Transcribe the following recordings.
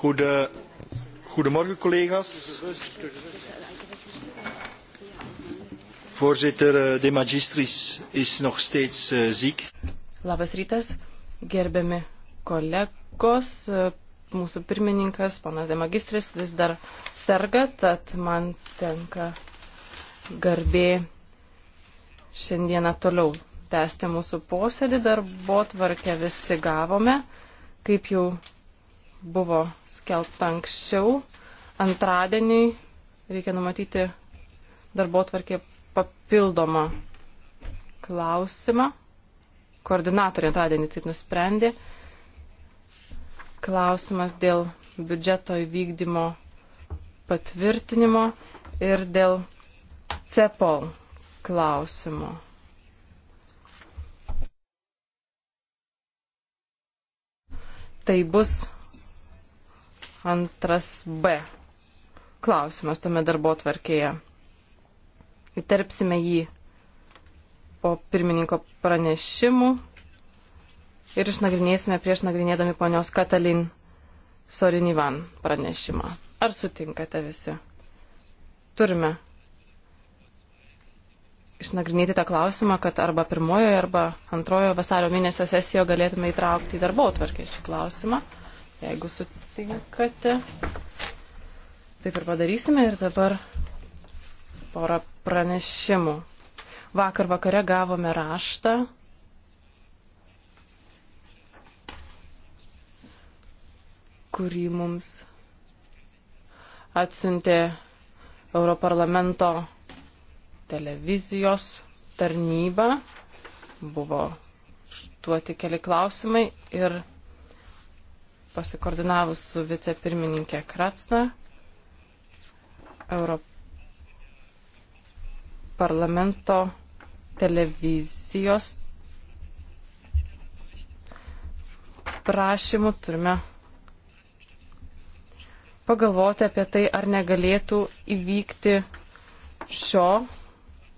Goede, goedemorgen collega's. Voorzitter eh, De Magistris is nog steeds uh, ziek. Labas rytas, gerbiami kolegos. Eh, mūsų pirmininkas, panas De Magistris, vis dar serga, tad man tenka garbė šiandieną toliau tęsti mūsų posėdį. Darbo tvarkę visi gavome. Kaip jau buvo skelbta anksčiau. Antradienį reikia numatyti darbo tvarkė papildomą klausimą. Koordinatorė antradienį taip nusprendė. Klausimas dėl biudžeto įvykdymo patvirtinimo ir dėl CEPOL klausimo. Tai bus Antras B. Klausimas tome darbo tvarkėje. Įterpsime jį po pirmininko pranešimų ir išnagrinėsime prieš nagrinėdami ponios Katalin Sorinivan pranešimą. Ar sutinkate visi? Turime išnagrinėti tą klausimą, kad arba pirmojoje, arba antrojoje vasario mėnesio sesijoje galėtume įtraukti į darbo atvarkę šį klausimą. Jeigu sutinkate, taip ir padarysime ir dabar porą pranešimų. Vakar vakare gavome raštą kurį mums atsintė Europarlamento televizijos tarnyba. Buvo štuoti keli klausimai ir pasikoordinavus su vicepirmininkė Kratsna, Europarlamento televizijos prašymų turime pagalvoti apie tai, ar negalėtų įvykti šio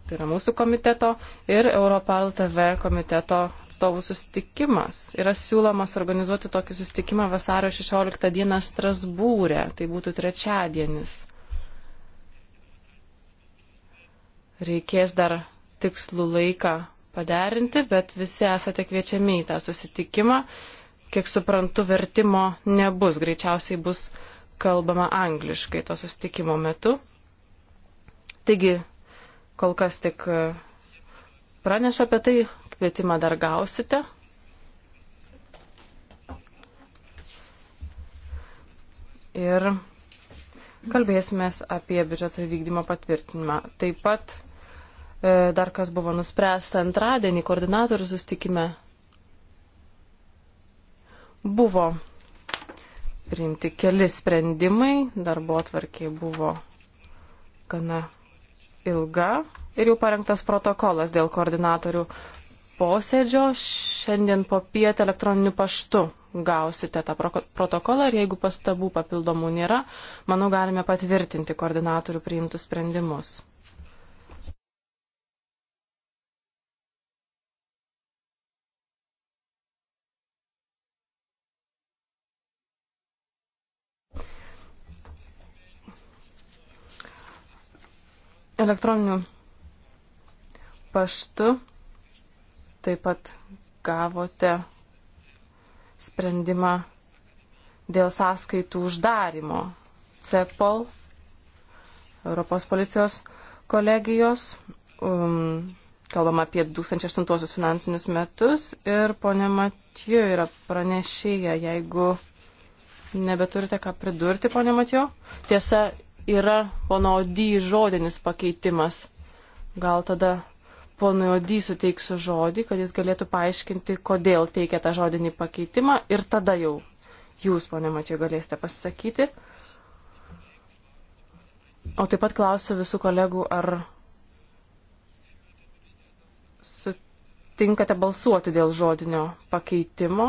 tai yra mūsų komiteto ir Europal TV komiteto atstovų susitikimas. Yra siūlomas organizuoti tokį susitikimą vasario 16 dieną Strasbūrė, tai būtų trečiadienis. Reikės dar tikslų laiką paderinti, bet visi esate kviečiami į tą susitikimą. Kiek suprantu, vertimo nebus, greičiausiai bus kalbama angliškai to susitikimo metu. Taigi kol kas tik e, praneša apie tai, kvietimą dar gausite. Ir kalbėsimės apie biudžeto įvykdymo patvirtinimą. Taip pat e, dar kas buvo nuspręsta antradienį koordinatorių sustikime buvo priimti keli sprendimai, darbo atvarkiai buvo gana ilga ir jau parengtas protokolas dėl koordinatorių posėdžio. Šiandien po pietą elektroniniu paštu gausite tą protokolą ir jeigu pastabų papildomų nėra, manau, galime patvirtinti koordinatorių priimtus sprendimus. elektroniniu paštu taip pat gavote sprendimą dėl sąskaitų uždarimo CEPOL, Europos policijos kolegijos, um, kalbam apie 2008 finansinius metus ir ponė Matijo yra pranešėja, jeigu nebeturite ką pridurti, ponė Matijo. Tiesa, yra pono Odį žodinis pakeitimas. Gal tada ponui Odį suteiksiu žodį, kad jis galėtų paaiškinti, kodėl teikia tą žodinį pakeitimą ir tada jau jūs, ponė Matėjo, galėsite pasisakyti. O taip pat klausiu visų kolegų, ar sutinkate balsuoti dėl žodinio pakeitimo.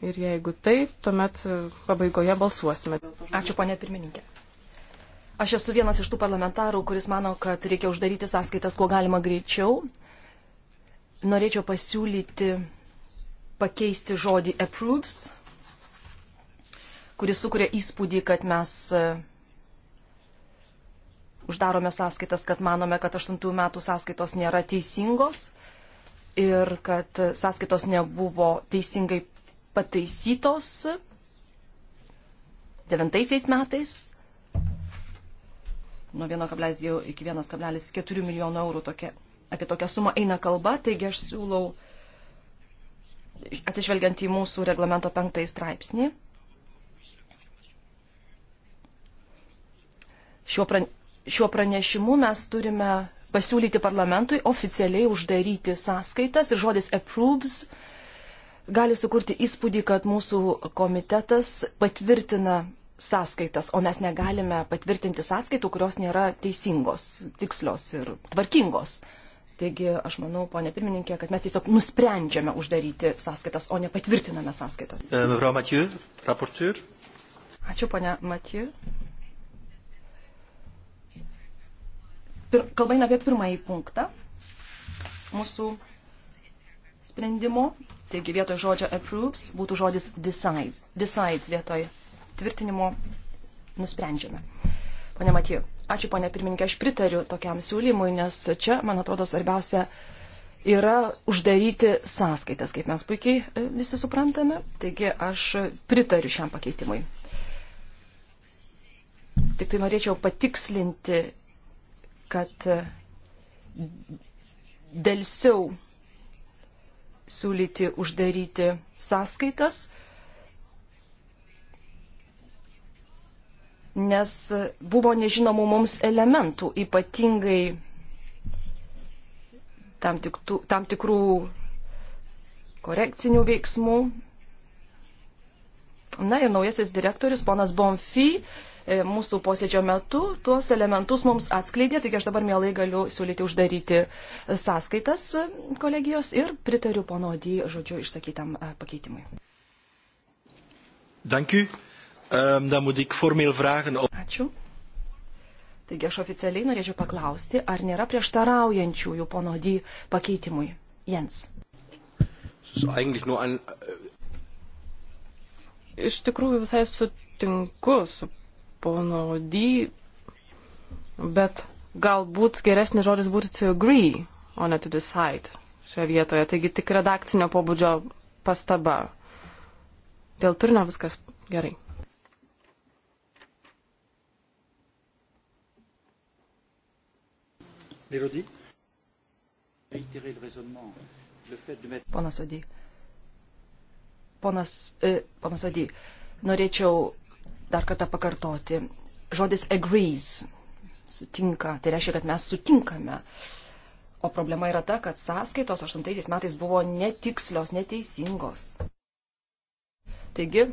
Ir jeigu taip, tuomet pabaigoje balsuosime. Ačiū, ponė pirmininkė. Aš esu vienas iš tų parlamentarų, kuris mano, kad reikia uždaryti sąskaitas kuo galima greičiau. Norėčiau pasiūlyti pakeisti žodį approves, kuris sukuria įspūdį, kad mes e, uždarome sąskaitas, kad manome, kad 8 metų sąskaitos nėra teisingos ir kad sąskaitos nebuvo teisingai pataisytos devintaisiais metais nuo 1,2 iki 1,4 milijono eurų tokia, apie tokią sumą eina kalba, taigi aš siūlau, atsižvelgiant į mūsų reglamento penktąjį straipsnį, šiuo, pran, šiuo pranešimu mes turime pasiūlyti parlamentui oficialiai uždaryti sąskaitas ir žodis approves uh, gali sukurti įspūdį, kad mūsų komitetas patvirtina sąskaitas, o mes negalime patvirtinti sąskaitų, kurios nėra teisingos, tikslios ir tvarkingos. Taigi aš manau, ponė pirmininkė, kad mes tiesiog nusprendžiame uždaryti sąskaitas, o ne patvirtiname sąskaitas. Mevrau Matijų, raportiūr. Ačiū, ponė Matijų. Pir, kalbain apie pirmąjį punktą mūsų sprendimo Taigi vietoj žodžio approves būtų žodis decides. Decides vietoj tvirtinimo nusprendžiame. Pone Matiju, ačiū pone pirmininkė, aš pritariu tokiam siūlymui, nes čia, man atrodo, svarbiausia yra uždaryti sąskaitas, kaip mes puikiai e, visi suprantame. Taigi aš pritariu šiam pakeitimui. Tik tai norėčiau patikslinti, kad dėlsiau siūlyti uždaryti sąskaitas, nes buvo nežinomų mums elementų, ypatingai tam, tiktų, tam tikrų korekcinių veiksmų. Na ir naujasis direktorius, ponas Bonfi, E, mūsų posėdžio metu tuos elementus mums atskleidė, taigi aš dabar mielai galiu siūlyti uždaryti sąskaitas e, kolegijos ir pritariu pono Dį žodžiu išsakytam e, pakeitimui. Dankiu. Um, ehm, dan moet ik formeel vragen. Ačiū. Taigi aš oficialiai norėčiau paklausti, ar nėra prieštaraujančiųjų pono D pakeitimui. Jens. Äh, Iš tikrųjų visai sutinku su pono D, bet galbūt geresnis žodis būtų to agree, o ne to decide šioje vietoje. Taigi tik redakcinio pobūdžio pastaba. Dėl turinio viskas gerai. Ponas Odį. Ponas, e, ponas Odį, norėčiau dar kartą pakartoti. Žodis agrees, sutinka, tai reiškia, kad mes sutinkame. O problema yra ta, kad sąskaitos 8 metais buvo netikslios, neteisingos. Taigi,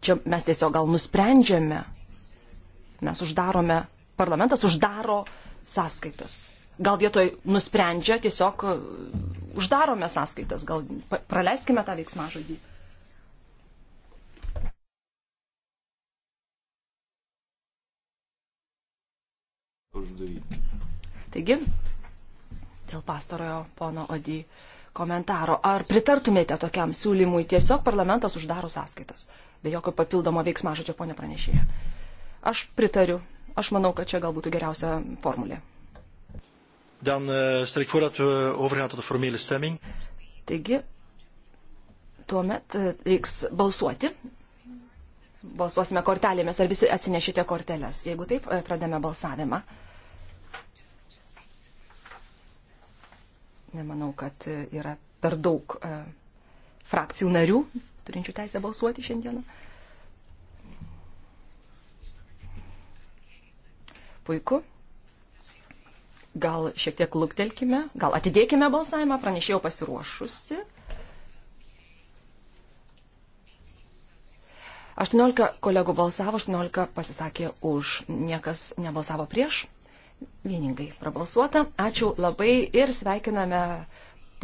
čia mes tiesiog gal nusprendžiame, mes uždarome, parlamentas uždaro sąskaitas. Gal vietoj nusprendžia, tiesiog uždarome sąskaitas, gal praleiskime tą veiksmą žodį. Taigi, dėl pastarojo pono Odį komentaro, ar pritartumėte tokiam siūlymui tiesiog parlamentas uždaro sąskaitas, be jokio papildomo veiksmažodžio, ponė pranešėja? Aš pritariu. Aš manau, kad čia gal būtų geriausia formulė. Dan uh, eh, stel ik voor dat we overgaan tot de formele stemming. Taigi, tuomet eh, reiks balsuoti. Balsuosime kortelėmis, ar visi atsinešite korteles. Jeigu taip, eh, pradame balsavimą. Nemanau, kad yra per daug e, frakcijų narių, turinčių teisę balsuoti šiandieną. Puiku. Gal šiek tiek luktelkime, gal atidėkime balsavimą, pranešėjau pasiruošusi. 18 kolegų balsavo, 18 pasisakė už, niekas nebalsavo prieš. Vieningai prabalsuota. Ačiū labai ir sveikiname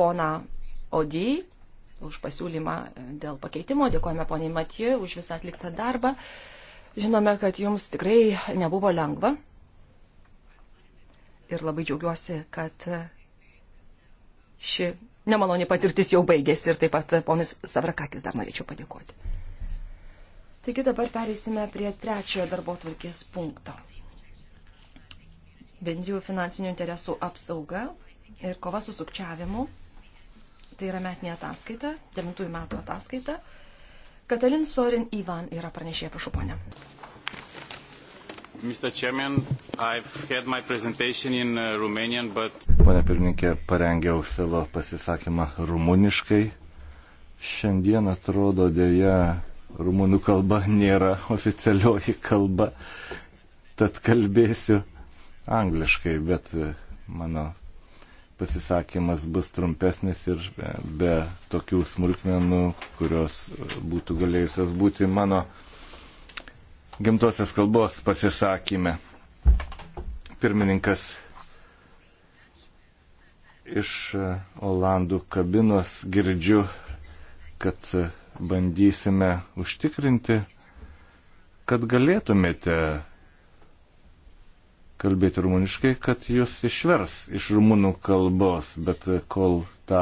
poną Odį už pasiūlymą e, dėl pakeitimo. Dėkojame poniai Matijui už visą atliktą darbą. Žinome, kad jums tikrai nebuvo lengva. Ir labai džiaugiuosi, kad e, ši nemaloni patirtis jau baigėsi ir taip pat e, ponis Savrakakis dar norėčiau padėkoti. Taigi dabar pereisime prie trečiojo darbo tvarkės punkto bendrijų finansinių interesų apsauga ir kova su sukčiavimu. Tai yra metinė ataskaita, 9 metų ataskaita. Katalin Sorin Ivan yra pranešėja, prašau, ponė. Chairman, in, uh, Romanian, but... Pane pirmininkė, parengiau savo pasisakymą rumuniškai. Šiandien atrodo dėja, rumunų kalba nėra oficialioji kalba, tad kalbėsiu angliškai, bet e, mano pasisakymas bus trumpesnis ir e, be tokių smulkmenų, kurios e, būtų galėjusios būti mano gimtosios kalbos pasisakyme. Pirmininkas iš Olandų kabinos girdžiu, kad bandysime užtikrinti, kad galėtumėte kalbėti rumuniškai, kad jūs išvers iš rumunų kalbos, bet kol tą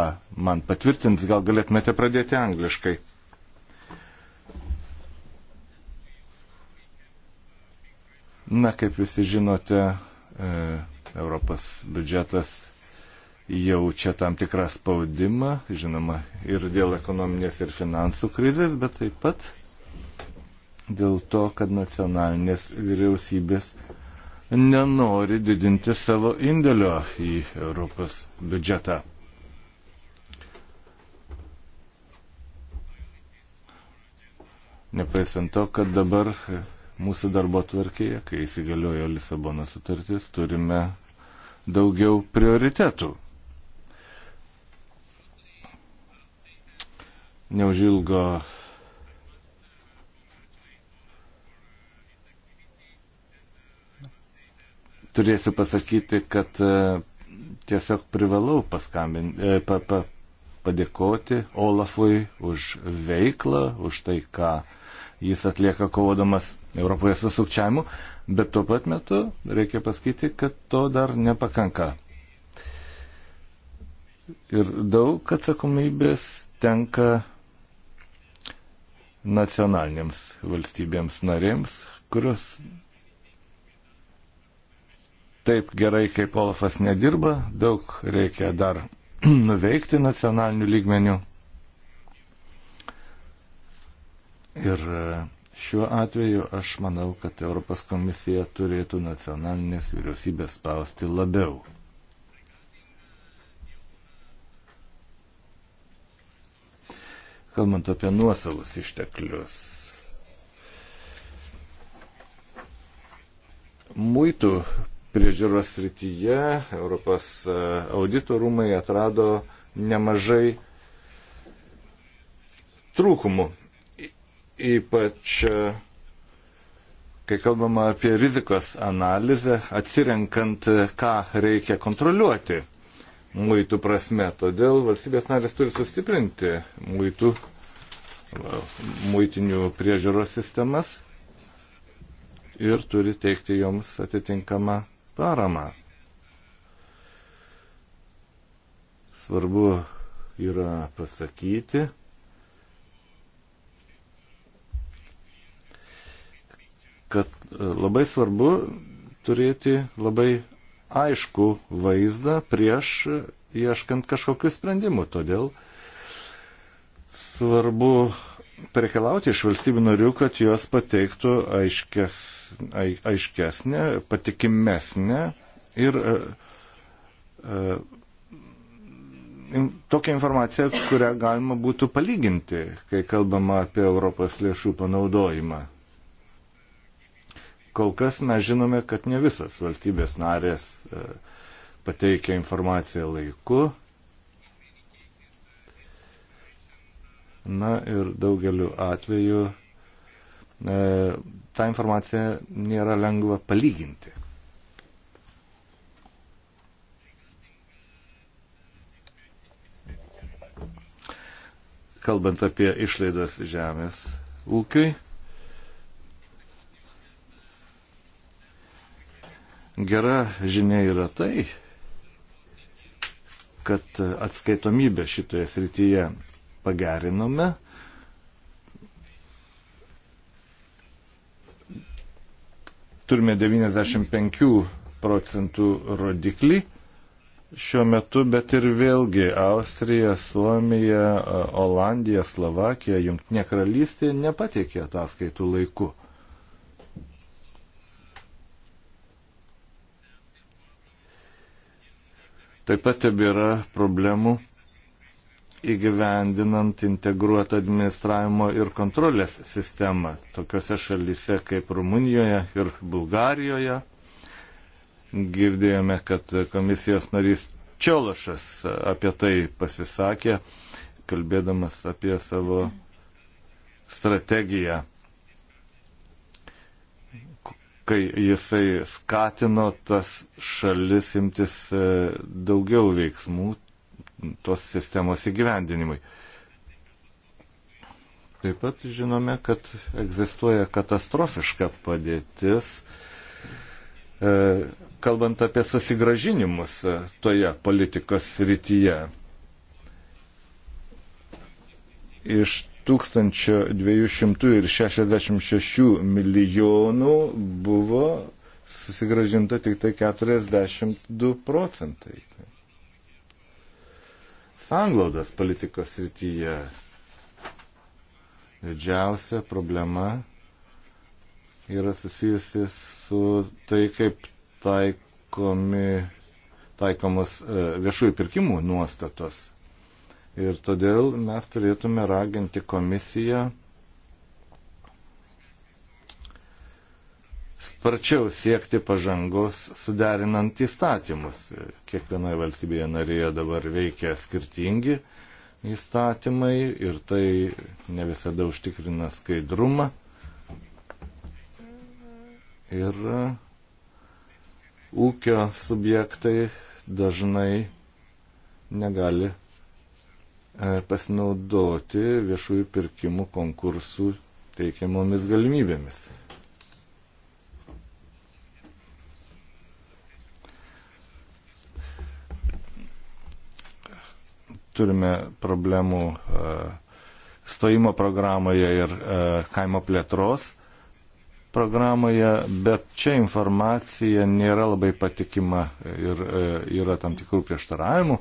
man patvirtins, gal galėtumėte pradėti angliškai. Na, kaip visi žinote, e, Europos biudžetas jaučia tam tikrą spaudimą, žinoma, ir dėl ekonominės ir finansų krizės, bet taip pat dėl to, kad nacionalinės vyriausybės nenori didinti savo indėlio į Europos biudžetą. Nepaisant to, kad dabar mūsų darbo tvarkėje, kai įsigaliojo Lisabono sutartis, turime daugiau prioritetų. Neužilgo turėsiu pasakyti, kad e, tiesiog privalau paskambinti, e, pa, pa, padėkoti Olafui už veiklą, už tai, ką jis atlieka kovodamas Europoje su sukčiavimu, bet tuo pat metu reikia pasakyti, kad to dar nepakanka. Ir daug atsakomybės tenka nacionalinėms valstybėms narėms, kurios taip gerai, kaip Olafas nedirba, daug reikia dar nuveikti nacionalinių lygmenių. Ir e, šiuo atveju aš manau, kad Europos komisija turėtų nacionalinės vyriausybės spausti labiau. Kalbant apie nuosavus išteklius. Muitų priežiūros srityje Europos e, audito rūmai atrado nemažai trūkumų. Ypač e, kai kalbama apie rizikos analizę, atsirenkant, e, ką reikia kontroliuoti muitų prasme. Todėl valstybės narės turi sustiprinti muitų, muitinių priežiūros sistemas ir turi teikti joms atitinkamą paramą. Svarbu yra pasakyti, kad e, labai svarbu turėti labai aišku vaizdą prieš e, ieškant kažkokių sprendimų. Todėl svarbu pareikalauti iš valstybių narių, kad jos pateiktų aiškes, aiškesnę, patikimesnę ir e, e, tokią informaciją, kurią galima būtų palyginti, kai kalbama apie Europos lėšų panaudojimą. Kol kas mes žinome, kad ne visas valstybės narės e, pateikia informaciją laiku, Na ir daugeliu atveju e, tą informaciją nėra lengva palyginti. Kalbant apie išlaidas žemės ūkiui, gera žinia yra tai, kad atskaitomybė šitoje srityje pagerinome. Turime 95 procentų rodiklį šiuo metu, bet ir vėlgi Austrija, Suomija, Olandija, Slovakija, Junktinė karalystė nepateikė ataskaitų laiku. Taip pat tebėra problemų įgyvendinant integruotą administravimo ir kontrolės sistemą tokiuose šalyse kaip Rumunijoje ir Bulgarijoje. Girdėjome, kad komisijos narys Čiolašas apie tai pasisakė, kalbėdamas apie savo strategiją, kai jisai skatino tas šalis imtis e, daugiau veiksmų tos sistemos įgyvendinimui. Taip pat žinome, kad egzistuoja katastrofiška padėtis, e, kalbant apie susigražinimus e, toje politikos rytyje. Iš 1266 milijonų buvo susigražinta tik tai 42 procentai sanglaudos politikos srityje. Didžiausia problema yra susijusi su tai, kaip taikomi, taikomas e, viešųjų pirkimų nuostatos. Ir todėl mes turėtume raginti komisiją sparčiau siekti pažangos suderinant įstatymus. Kiekvienoje valstybėje narėje dabar veikia skirtingi įstatymai ir tai ne visada užtikrina skaidrumą. Ir ūkio subjektai dažnai negali e, pasinaudoti viešųjų pirkimų konkursų teikiamomis galimybėmis. turime problemų e, stojimo programoje ir e, kaimo plėtros programoje, bet čia informacija nėra labai patikima ir e, yra tam tikrų prieštaravimų,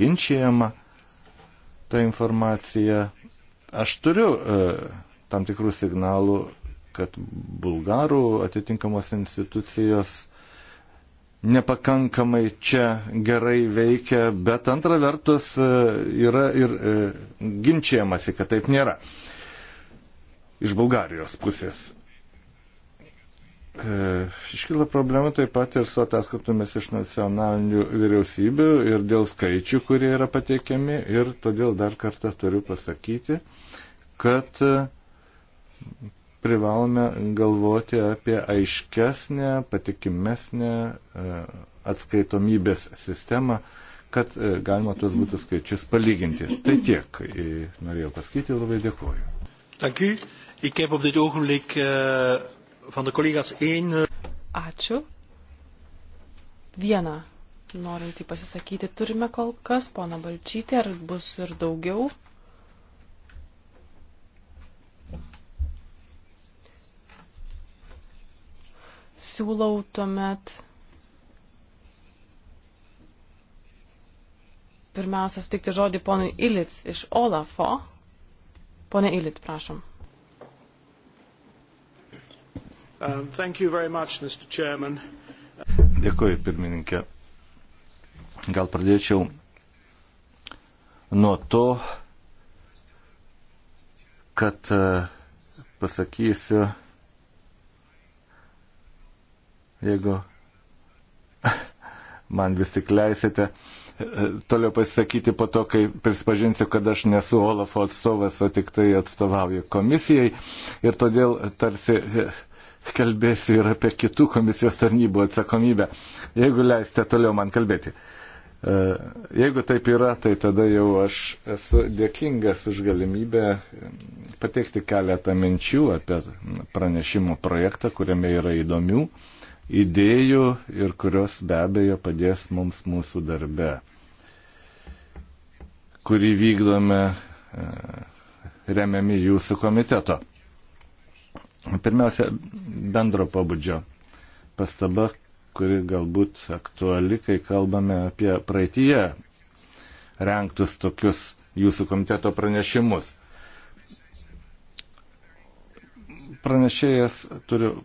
ginčiama ta informacija. Aš turiu tam tikrų signalų, kad bulgarų atitinkamos institucijos nepakankamai čia gerai veikia, bet antra vertus e, yra ir e, ginčiamasi, kad taip nėra. Iš Bulgarijos pusės. E, iškyla problema taip pat ir su ataskaitomis iš nacionalinių vyriausybių ir dėl skaičių, kurie yra pateikiami ir todėl dar kartą turiu pasakyti, kad privalome galvoti apie aiškesnę, patikimesnę e, atskaitomybės sistemą, kad e, galima tuos būtų skaičius palyginti. Tai tiek e, norėjau pasakyti, labai dėkuoju. Eh, eh, Ačiū. Vieną norintį pasisakyti turime kol kas, pona Balčytė, ar bus ir daugiau? Siūlau tuomet pirmiausia sutikti žodį ponui Ilits iš Olafo. Pone Ilit, prašom. Um, much, Dėkuoju, pirmininkė. Gal pradėčiau nuo to, kad uh, pasakysiu, jeigu man vis tik leisite e, toliau pasisakyti po to, kai prisipažinsiu, kad aš nesu Olafo atstovas, o tik tai atstovauju komisijai ir todėl tarsi e, kalbėsiu ir apie kitų komisijos tarnybų atsakomybę, jeigu leisite toliau man kalbėti. E, jeigu taip yra, tai tada jau aš esu dėkingas už galimybę pateikti keletą minčių apie pranešimo projektą, kuriame yra įdomių idėjų ir kurios be abejo padės mums mūsų darbe, kurį vykdome e, remiami jūsų komiteto. Pirmiausia, bendro pabudžio pastaba, kuri galbūt aktuali, kai kalbame apie praeitie renktus tokius jūsų komiteto pranešimus. Pranešėjas, turiu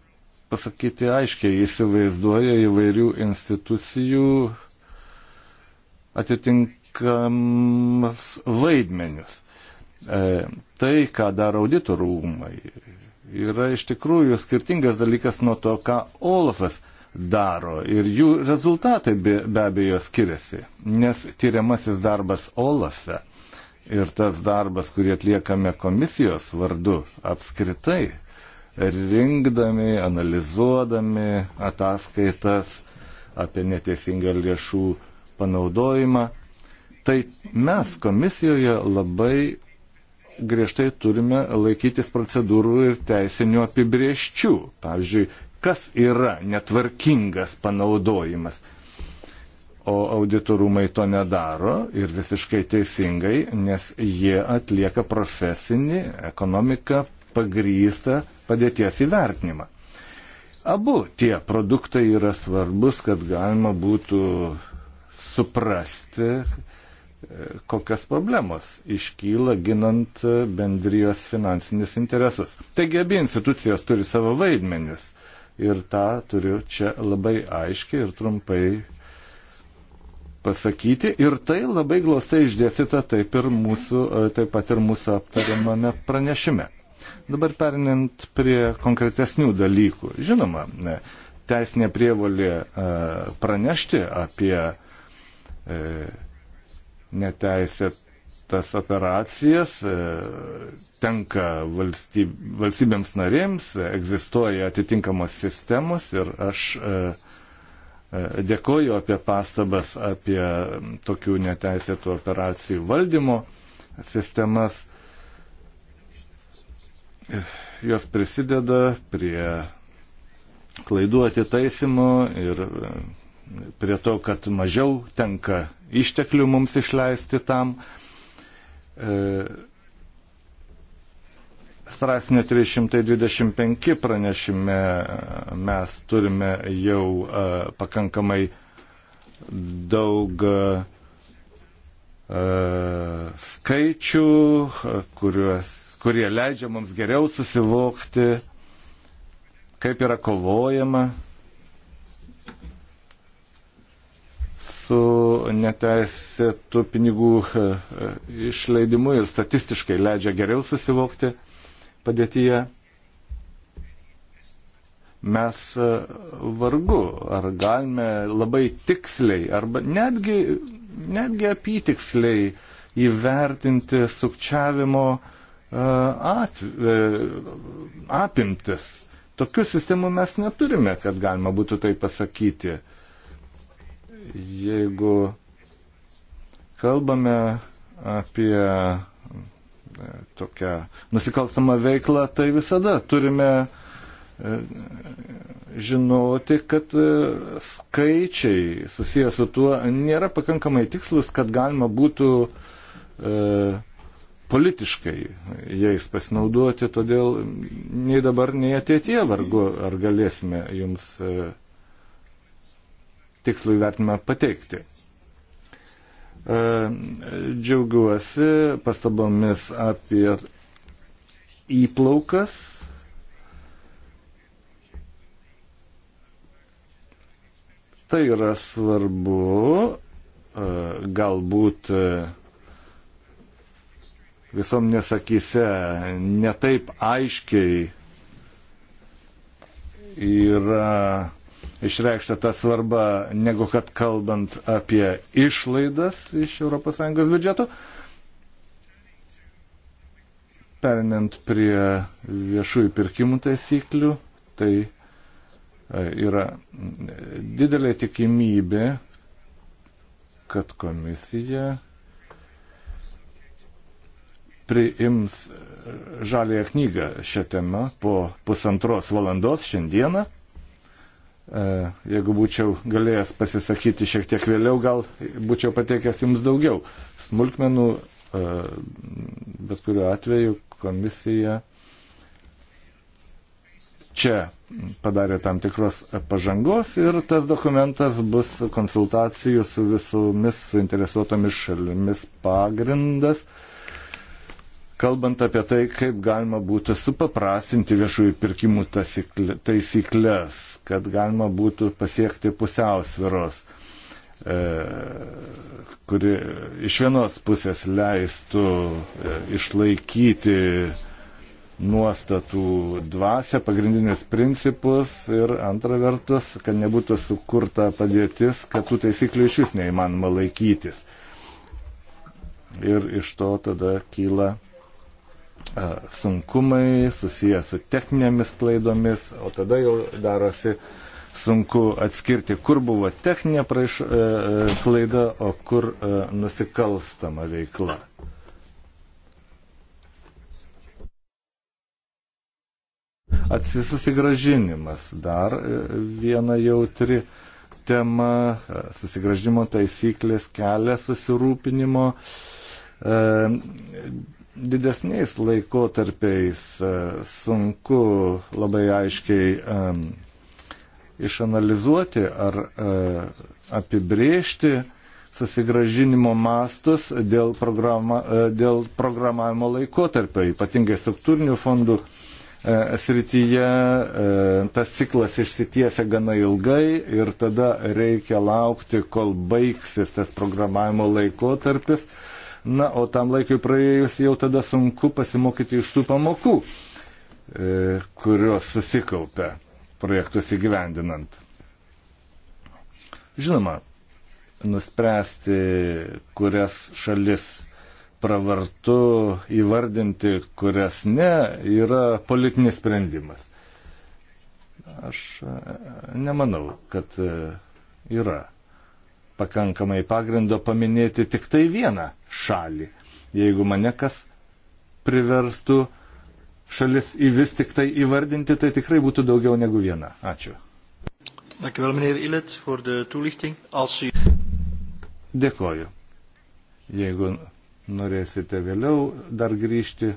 pasakyti aiškiai, įsivaizduoja įvairių institucijų atitinkamas vaidmenius. E, tai, ką daro audito rūmai, yra iš tikrųjų skirtingas dalykas nuo to, ką Olafas daro. Ir jų rezultatai be, be abejo skiriasi, nes tyriamasis darbas Olafe ir tas darbas, kurį atliekame komisijos vardu apskritai rinkdami, analizuodami ataskaitas apie neteisingą lėšų panaudojimą. Tai mes komisijoje labai griežtai turime laikytis procedūrų ir teisinių apibrieščių. Pavyzdžiui, kas yra netvarkingas panaudojimas. O auditorumai to nedaro ir visiškai teisingai, nes jie atlieka profesinį ekonomiką pagrystą padėties įvertinimą. Abu tie produktai yra svarbus, kad galima būtų suprasti, kokios problemos iškyla ginant e, bendrijos finansinis interesus. Taigi abi institucijos turi savo vaidmenis ir tą turiu čia labai aiškiai ir trumpai pasakyti ir tai labai glaustai išdėstyta taip, ir mūsų, e, taip pat ir mūsų aptariamame pranešime. Dabar perinant prie konkretesnių dalykų. Žinoma, teisinė prievalė e, pranešti apie e, neteisėtas operacijas e, tenka valstyb, valstybėms narėms, egzistuoja atitinkamos sistemos ir aš dėkoju apie pastabas apie tokių neteisėtų operacijų valdymo sistemas jos prisideda prie klaidų atitaisimo ir e, prie to, kad mažiau tenka išteklių mums išleisti tam. E, Straipsnio 325 pranešime e, mes turime jau pakankamai daug skaičių, kuriuos kurie leidžia mums geriau susivokti, kaip yra kovojama su neteisėtų pinigų e, e, išleidimu ir statistiškai leidžia geriau susivokti padėtyje. Mes e, vargu, ar galime labai tiksliai, arba netgi, netgi apytiksliai įvertinti sukčiavimo uh, at, e, apimtis. Tokių sistemų mes neturime, kad galima būtų tai pasakyti. Jeigu kalbame apie e, tokią nusikalstamą veiklą, tai visada turime e, žinoti, kad skaičiai susijęs su tuo nėra pakankamai tikslus, kad galima būtų uh, politiškai jais pasinaudoti, todėl nei dabar, nei ateitie vargu ar galėsime jums e, tikslų įvertinimą pateikti. E, džiaugiuosi pastabomis apie įplaukas. Tai yra svarbu, e, galbūt visuomenės akise netaip aiškiai yra išreikšta ta svarba, negu kad kalbant apie išlaidas iš ES biudžeto. Perinant prie viešųjų pirkimų taisyklių, tai e, yra didelė tikimybė, kad komisija priims žalėją knygą šią temą po pusantros valandos šiandieną. E, jeigu būčiau galėjęs pasisakyti šiek tiek vėliau, gal būčiau patiekęs jums daugiau smulkmenų, e, bet kuriuo atveju komisija čia padarė tam tikros pažangos ir tas dokumentas bus konsultacijų su visomis suinteresuotomis šalimis pagrindas. Uh, kalbant apie tai, kaip galima būtų supaprastinti viešųjų pirkimų taisyklės, kad galima būtų pasiekti pusiausviros, e, kuri iš vienos pusės leistų e, išlaikyti nuostatų dvasę, pagrindinius principus ir antra vertus, kad nebūtų sukurta padėtis, kad tų taisyklių iš vis neįmanoma laikytis. Ir iš to tada kyla E, sunkumai susiję su techninėmis klaidomis, o tada jau darosi sunku atskirti, kur buvo techninė praiš, e, e, klaida, o kur nusikalstama veikla. Atsisusigražinimas dar viena jautri tema, susigražinimo taisyklės kelia susirūpinimo didesniais laikotarpiais e, sunku labai aiškiai išanalizuoti ar e, apibriežti susigražinimo mastus dėl, programa, e, dėl programavimo laikotarpio, ypatingai struktūrinių fondų srityje tas ciklas išsitiesia gana ilgai ir tada reikia laukti, kol baigsis tas programavimo laikotarpis Na, o tam laikui praėjus jau tada sunku pasimokyti iš tų pamokų, e, kurios susikaupia projektus įgyvendinant. Žinoma, nuspręsti, kurias šalis pravartu įvardinti, kurias ne, yra politinis sprendimas. Aš e, nemanau, kad e, yra pakankamai pagrindo paminėti tik tai vieną šalį. Jeigu mane kas priverstų šalis į vis tik tai įvardinti, tai tikrai būtų daugiau negu viena. Ačiū. Dėkoju. Jeigu norėsite vėliau dar grįžti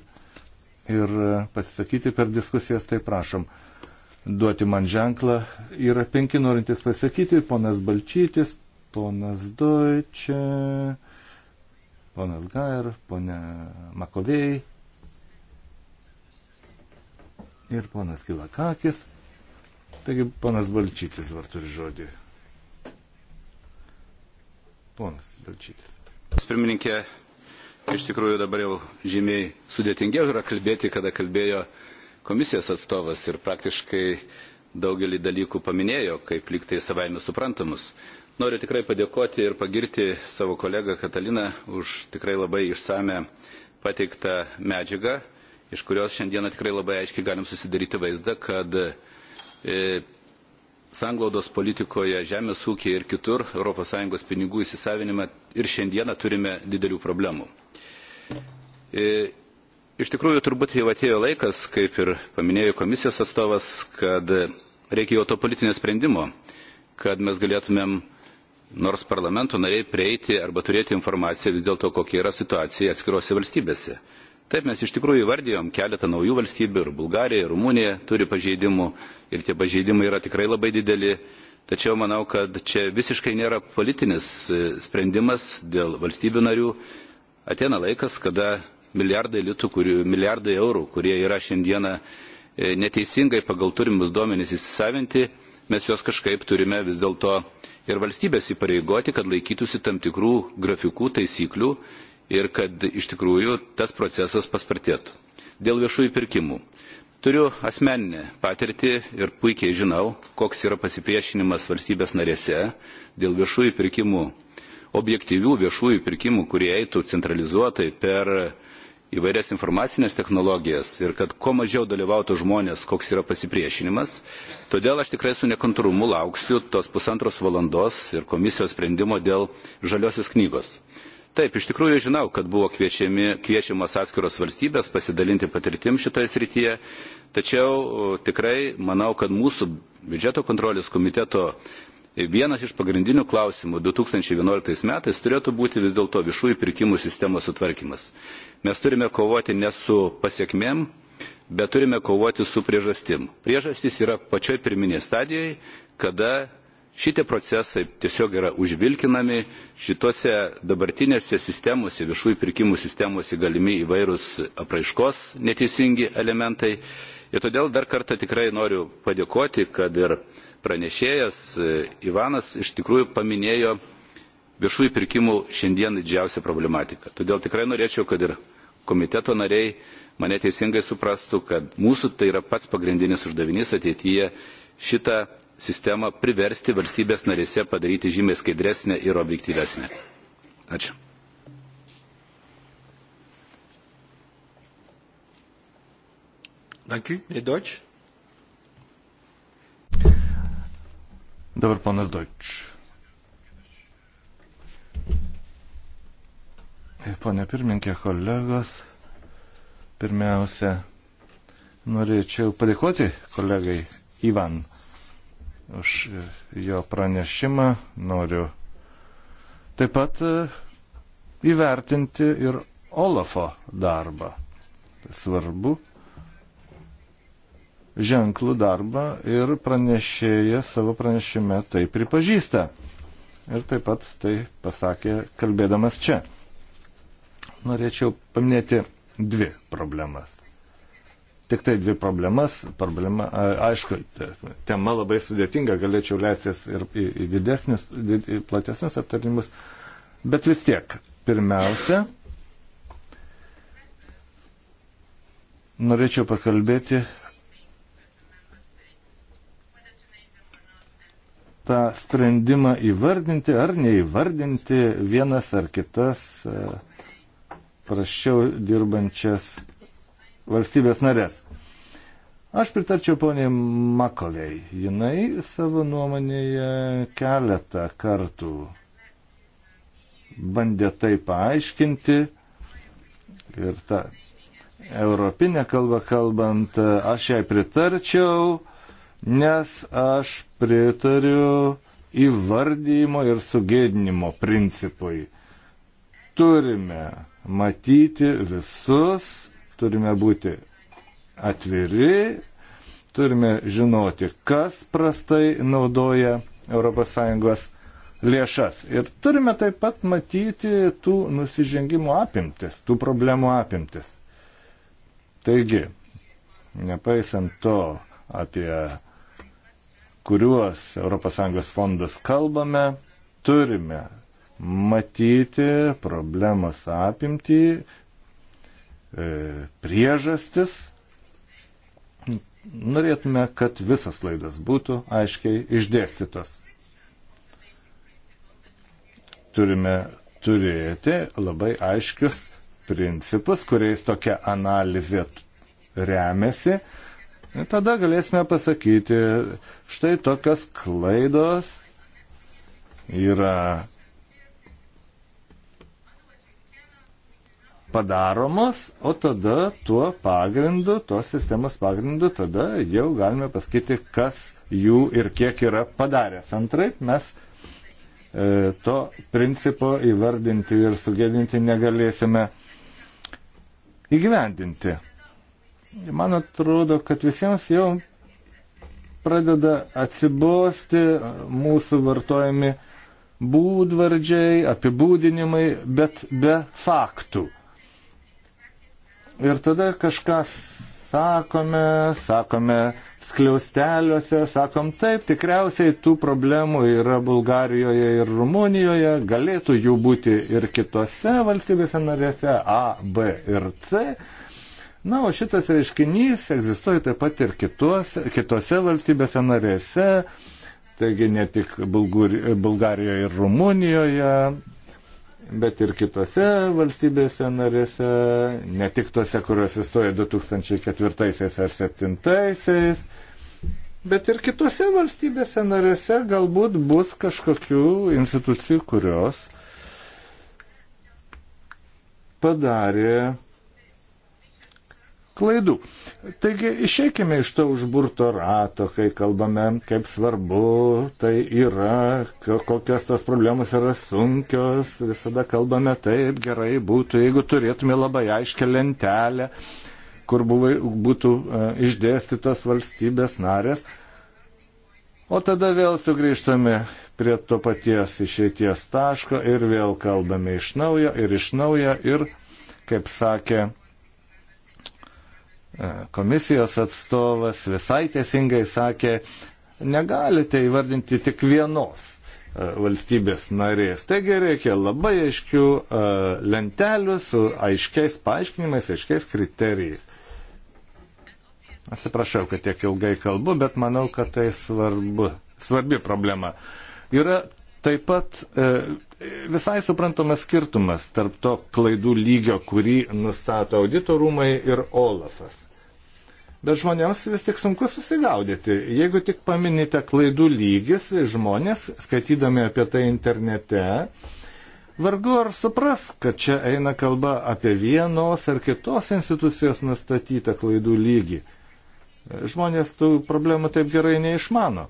ir e, pasisakyti per diskusijas, tai prašom duoti man ženklą. Yra penki norintys pasakyti, ponas Balčytis, ponas Deutsche, ponas Gair, ponia Makovėjai ir ponas Kilakakis. Taigi ponas Balčytis var turi žodį. Ponas Balčytis. Pirmininkė, iš tikrųjų dabar jau žymiai sudėtingiau yra kalbėti, kada kalbėjo komisijos atstovas ir praktiškai daugelį dalykų paminėjo, kaip liktai savaime suprantamus. Noriu tikrai padėkoti ir pagirti savo kolegą Kataliną už tikrai labai išsame pateiktą medžiagą, iš kurios šiandieną tikrai labai aiškiai galim susidaryti vaizdą, kad e, sanglaudos politikoje, žemės ūkiai ir kitur ES pinigų įsisavinimą ir šiandieną turime didelių problemų. E, iš tikrųjų, turbūt jau atėjo laikas, kaip ir paminėjo komisijos atstovas, kad reikia jau to politinio sprendimo, kad mes galėtumėm nors parlamento nariai prieiti arba turėti informaciją vis dėlto, kokia yra situacija atskirose valstybėse. Taip mes iš tikrųjų įvardijom keletą naujų valstybių ir Bulgarija, ir Rumunija turi pažeidimų ir tie pažeidimai yra tikrai labai dideli. Tačiau manau, kad čia visiškai nėra politinis e, sprendimas dėl valstybių narių. Atėna laikas, kada milijardai, litų, kurių, milijardai eurų, kurie yra šiandieną e, neteisingai pagal turimus duomenys įsisavinti, mes juos kažkaip turime vis dėlto ir valstybės įpareigoti, kad laikytųsi tam tikrų grafikų, taisyklių ir kad iš tikrųjų tas procesas paspartėtų. Dėl viešųjų pirkimų. Turiu asmeninę patirtį ir puikiai žinau, koks yra pasipriešinimas valstybės narėse dėl viešųjų pirkimų, objektyvių viešųjų pirkimų, kurie eitų centralizuotai per uh, įvairias informacinės technologijas ir kad kuo mažiau dalyvautų žmonės, koks yra pasipriešinimas. Todėl aš tikrai su nekantrumu lauksiu tos pusantros valandos ir komisijos sprendimo dėl žaliosios knygos. Taip, iš tikrųjų žinau, kad buvo kviečiami, kviečiamas atskiros valstybės pasidalinti patirtim šitoje srityje, tačiau tikrai manau, kad mūsų biudžeto kontrolės komiteto Vienas iš pagrindinių klausimų 2011 metais turėtų būti vis dėlto viešųjų pirkimų sistemos sutvarkymas. Mes turime kovoti ne su pasiekmėm, bet turime kovoti su priežastim. Priežastys yra pačioj pirminėje stadijoje, kada šitie procesai tiesiog yra užvilkinami, šitose dabartinėse sistemose, viešųjų pirkimų sistemose galimi įvairūs apraiškos neteisingi elementai. Ir todėl dar kartą tikrai noriu padėkoti, kad ir pranešėjas e, Ivanas iš tikrųjų paminėjo viešųjų pirkimų šiandien didžiausią problematiką. Todėl tikrai norėčiau, kad ir komiteto nariai mane teisingai suprastų, kad mūsų tai yra pats pagrindinis uždavinys ateityje šitą sistemą priversti valstybės narėse padaryti žymiai skaidresnę ir objektyvesnę. Ačiū. Dank u, meneer Deutsch. Dabar ponas Deutsch. Pone pirmininkė, kolegos, pirmiausia, norėčiau padėkoti kolegai Ivan už jo pranešimą. Noriu taip pat e, įvertinti ir Olafo darbą. Svarbu, ženklų darbą ir pranešėja savo pranešime tai pripažįsta. Ir taip pat tai pasakė kalbėdamas čia. Norėčiau paminėti dvi problemas. Tik tai dvi problemas. Problema, aišku, tema labai sudėtinga, galėčiau leistis ir į, į didesnius, į platesnius aptarimus, bet vis tiek, pirmiausia, norėčiau pakalbėti tą sprendimą įvardinti ar neįvardinti vienas ar kitas e, prašiau dirbančias valstybės narės. Aš pritarčiau poniai Makovei. Jinai savo nuomonėje keletą kartų bandė tai paaiškinti ir tą europinę kalbą kalbant, aš jai pritarčiau, nes aš pritariu įvardymo ir sugėdinimo principui. Turime matyti visus, turime būti atviri, turime žinoti, kas prastai naudoja ES lėšas. Ir turime taip pat matyti tų nusižengimų apimtis, tų problemų apimtis. Taigi, nepaisant to, apie kuriuos ES fondas kalbame, turime matyti problemos apimtį, e, priežastis. Norėtume, kad visas laidas būtų aiškiai išdėstytos. Turime turėti labai aiškius principus, kuriais tokia analizė remiasi, Tada galėsime pasakyti, štai tokios klaidos yra padaromos, o tada tuo pagrindu, tos sistemos pagrindu, tada jau galime pasakyti, kas jų ir kiek yra padaręs. Antraip mes e, to principo įvardinti ir sugėdinti negalėsime įgyvendinti man atrodo, kad visiems jau pradeda atsibosti mūsų vartojami būdvardžiai, apibūdinimai, bet be faktų. Ir tada kažką sakome, sakome skliausteliuose, sakom taip, tikriausiai tų problemų yra Bulgarijoje ir Rumunijoje, galėtų jų būti ir kitose valstybėse narėse A, B ir C Na, o šitas reiškinys egzistuoja taip pat ir kitos, kitose valstybėse narėse, taigi ne tik Bulguri, Bulgarijoje ir Rumunijoje, bet ir kitose valstybėse narėse, ne tik tose, kurios įstojo 2004 ar 2007, bet ir kitose valstybėse narėse galbūt bus kažkokių institucijų, kurios padarė klaidų. Taigi išeikime iš to užburto rato, kai kalbame, kaip svarbu tai yra, kokios tos problemos yra sunkios, visada kalbame taip gerai būtų, jeigu turėtume labai aiškę lentelę, kur buvai, būtų e, išdėstytos valstybės narės. O tada vėl sugrįžtame prie to paties išeities taško ir vėl kalbame iš naujo ir iš naujo ir, kaip sakė komisijos atstovas visai tiesingai sakė, negalite įvardinti tik vienos valstybės narės. Taigi reikia labai aiškių lentelių su aiškiais paaiškinimais, aiškiais kriterijais. Atsiprašau, kad tiek ilgai kalbu, bet manau, kad tai svarbu, svarbi problema. Yra taip pat e, visai suprantamas skirtumas tarp to klaidų lygio, kurį nustato auditorumai ir Olafas bet žmonėms vis tik sunku susigaudyti. Jeigu tik paminite klaidų lygis, žmonės, skaitydami apie tai internete, vargu ar supras, kad čia eina kalba apie vienos ar kitos institucijos nustatytą klaidų lygį. Žmonės tų problemų taip gerai neišmano.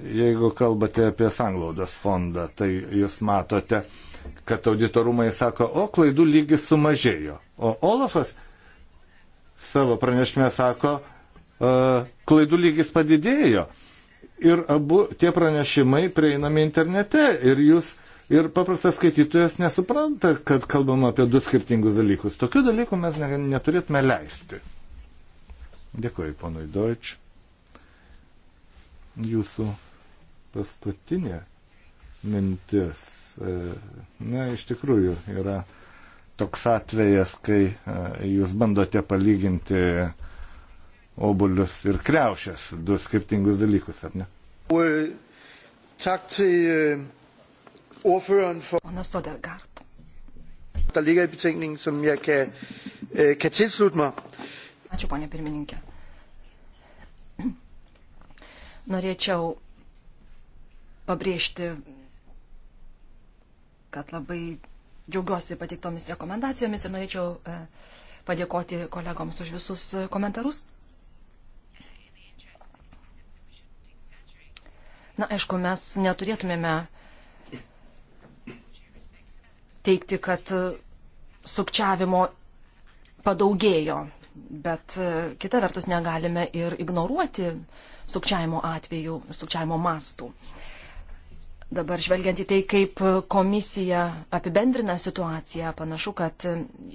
Jeigu kalbate apie sanglaudos fondą, tai jūs matote, kad auditorumai sako, o klaidų lygis sumažėjo. O Olafas savo pranešime sako, e, klaidų lygis padidėjo. Ir abu tie pranešimai prieinami internete ir jūs ir paprastas skaitytojas nesupranta, kad kalbama apie du skirtingus dalykus. Tokių dalykų mes neturėtume leisti. Dėkuoju, ponui Deutsch. Jūsų paskutinė mintis, e, na, iš tikrųjų yra toks atvejas, kai e, jūs bandote palyginti obulius ir kreušės, du skirtingus dalykus, ar ne? E, Ponas Sodergaard. Der ligger i betænkningen, som jeg kan, e, kan tilslutte mig. Ačiū, ponė pirmininkė. Norėčiau pabrėžti, kad labai džiaugiuosi pateiktomis rekomendacijomis ir norėčiau e, padėkoti kolegoms už visus e, komentarus. Na, aišku, mes neturėtumėme teikti, kad e, sukčiavimo padaugėjo, bet kita vertus negalime ir ignoruoti sukčiavimo atvejų, sukčiavimo mastų. Uh, Dabar žvelgiant į tai, kaip komisija apibendrina situaciją, panašu, kad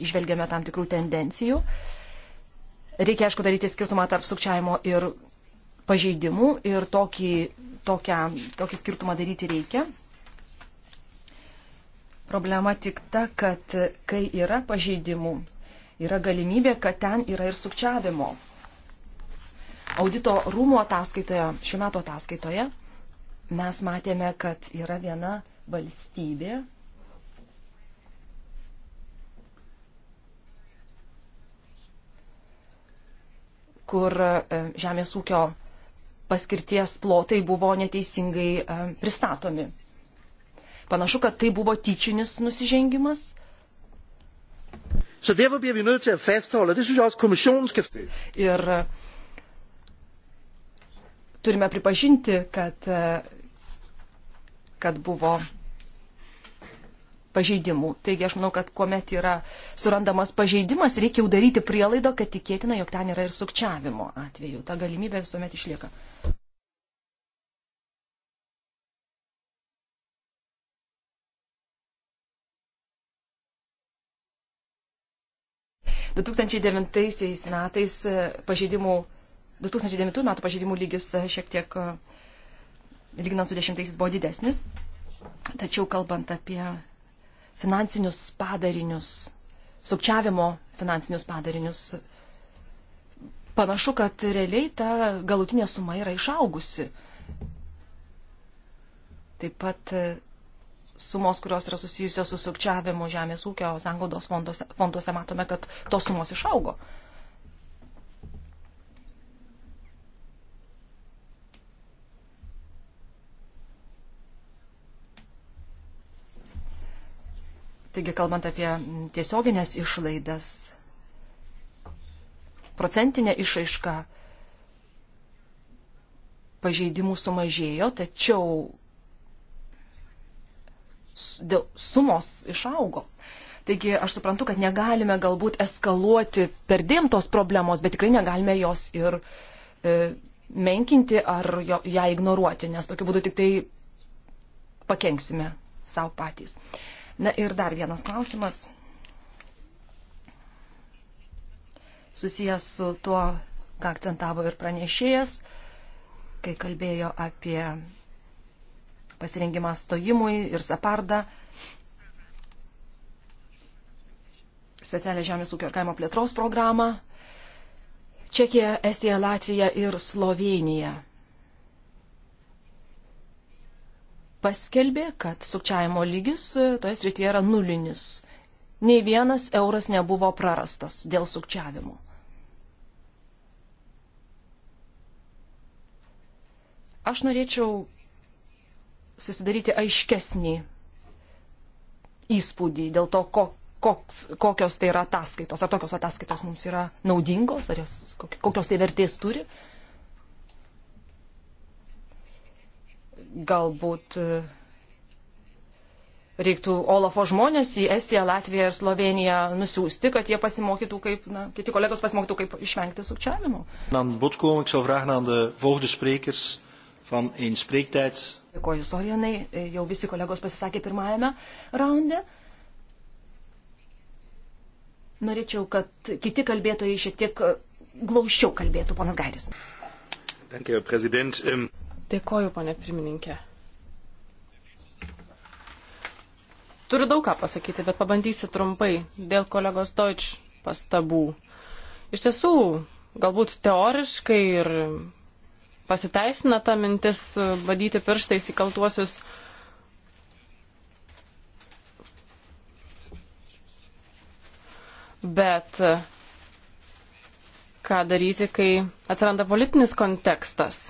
išvelgiame tam tikrų tendencijų. Reikia, aišku, daryti skirtumą tarp sukčiavimo ir pažeidimų ir tokį, tokią, tokį skirtumą daryti reikia. Problema tik ta, kad kai yra pažeidimų, yra galimybė, kad ten yra ir sukčiavimo. Audito rūmų ataskaitoje, šiuo metu ataskaitoje, mes matėme, kad yra viena valstybė, kur e, žemės ūkio paskirties plotai buvo neteisingai e, pristatomi. Panašu, kad tai buvo tyčinis nusižengimas. Så derfor bliver vi nødt til at fastholde, og det synes jeg også, kommissionen skal... Ir turime pripažinti, kad, kad buvo pažeidimų. Taigi aš manau, kad kuomet yra surandamas pažeidimas, reikia jau daryti prielaidą, kad tikėtina, jog ten yra ir sukčiavimo atveju. Ta galimybė visuomet išlieka. Du 2009 metais pažeidimų 2009 metų pažeidimų lygis e, šiek tiek, e, lyginant su 10 buvo didesnis. Tačiau kalbant apie finansinius padarinius, sukčiavimo finansinius padarinius, panašu, kad realiai ta galutinė suma yra išaugusi. Taip pat e, sumos, kurios yra susijusios su sukčiavimu žemės ūkio sanglaudos fonduose, fonduose, matome, kad tos sumos išaugo. Mhm. Taigi, kalbant apie tiesioginės išlaidas, procentinė išaiška pažeidimų sumažėjo, tačiau dėl sumos išaugo. Taigi aš suprantu, kad negalime galbūt eskaluoti per dėm tos problemos, bet tikrai negalime jos ir e, menkinti ar jo, ją ignoruoti, nes tokiu būdu tik tai pakenksime savo patys. E, Na ir dar vienas klausimas susijęs su tuo, ką akcentavo ir pranešėjas, kai kalbėjo apie pasirengimą stojimui ir sapardą. specialią žemės ūkio ir kaimo plėtros programą. Čekija, Estija, Latvija ir Slovenija paskelbė, kad sukčiavimo lygis e, toje srityje yra nulinis. Nei vienas euras nebuvo prarastas dėl sukčiavimo. Aš norėčiau susidaryti aiškesnį įspūdį dėl to, ko, koks, kokios tai yra ataskaitos, ar tokios ataskaitos mums yra naudingos, ar jos kokios tai vertės turi. Uh, galbūt e, reiktų Olafo žmonės į Estiją, Latviją ir Sloveniją nusiųsti, kad jie pasimokytų, kaip, na, kiti kolegos pasimokytų, kaip išvengti sukčiavimo. Dėkoju, Sorienai, e, jau visi kolegos pasisakė pirmajame raunde. Norėčiau, kad kiti kalbėtojai šiek tiek e, glaušiau kalbėtų, ponas Gairis. Danke, Herr Präsident. Ähm um, Dėkoju, ponė pirmininkė. Turiu daug ką pasakyti, bet pabandysiu trumpai dėl kolegos Deutsch pastabų. Iš tiesų, galbūt teoriškai ir pasiteisina ta mintis badyti pirštais įkaltuosius. Bet ką daryti, kai atsiranda politinis kontekstas?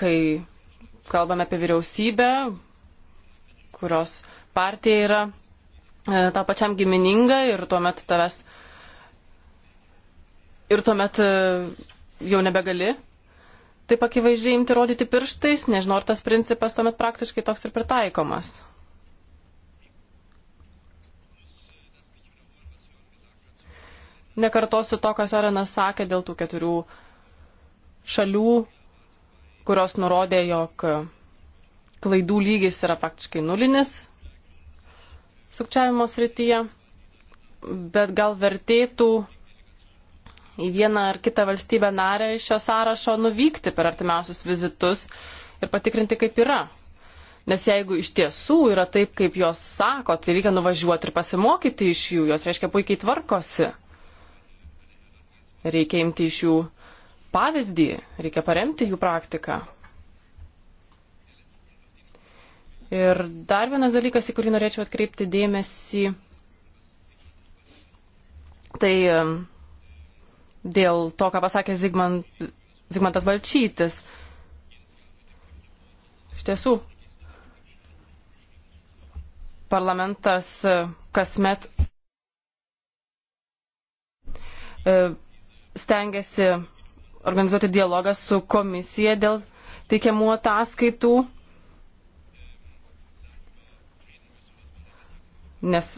kai kalbame apie vyriausybę, kurios partija yra e, tą pačiam gimininga ir tuomet tavęs. Ir tuomet e, jau nebegali taip akivaizdžiai imti rodyti pirštais, nežinau, ar tas principas tuomet praktiškai toks ir pritaikomas. Nekartosiu to, kas Arenas sakė dėl tų keturių šalių kurios nurodė, jog klaidų lygis yra praktiškai nulinis sukčiavimo srityje, bet gal vertėtų į vieną ar kitą valstybę narę iš šio sąrašo nuvykti per artimiausius vizitus ir patikrinti, kaip yra. Nes jeigu iš tiesų yra taip, kaip jos sako, tai reikia nuvažiuoti ir pasimokyti iš jų, jos reiškia puikiai tvarkosi. Reikia imti iš jų pavyzdį, reikia paremti jų praktiką. Ir dar vienas dalykas, į kurį norėčiau atkreipti dėmesį, tai um, dėl to, ką pasakė Zygmant, Zygmantas Balčytis. Iš tiesų, parlamentas uh, kasmet uh, stengiasi organizuoti dialogą su komisija dėl teikiamų ataskaitų, nes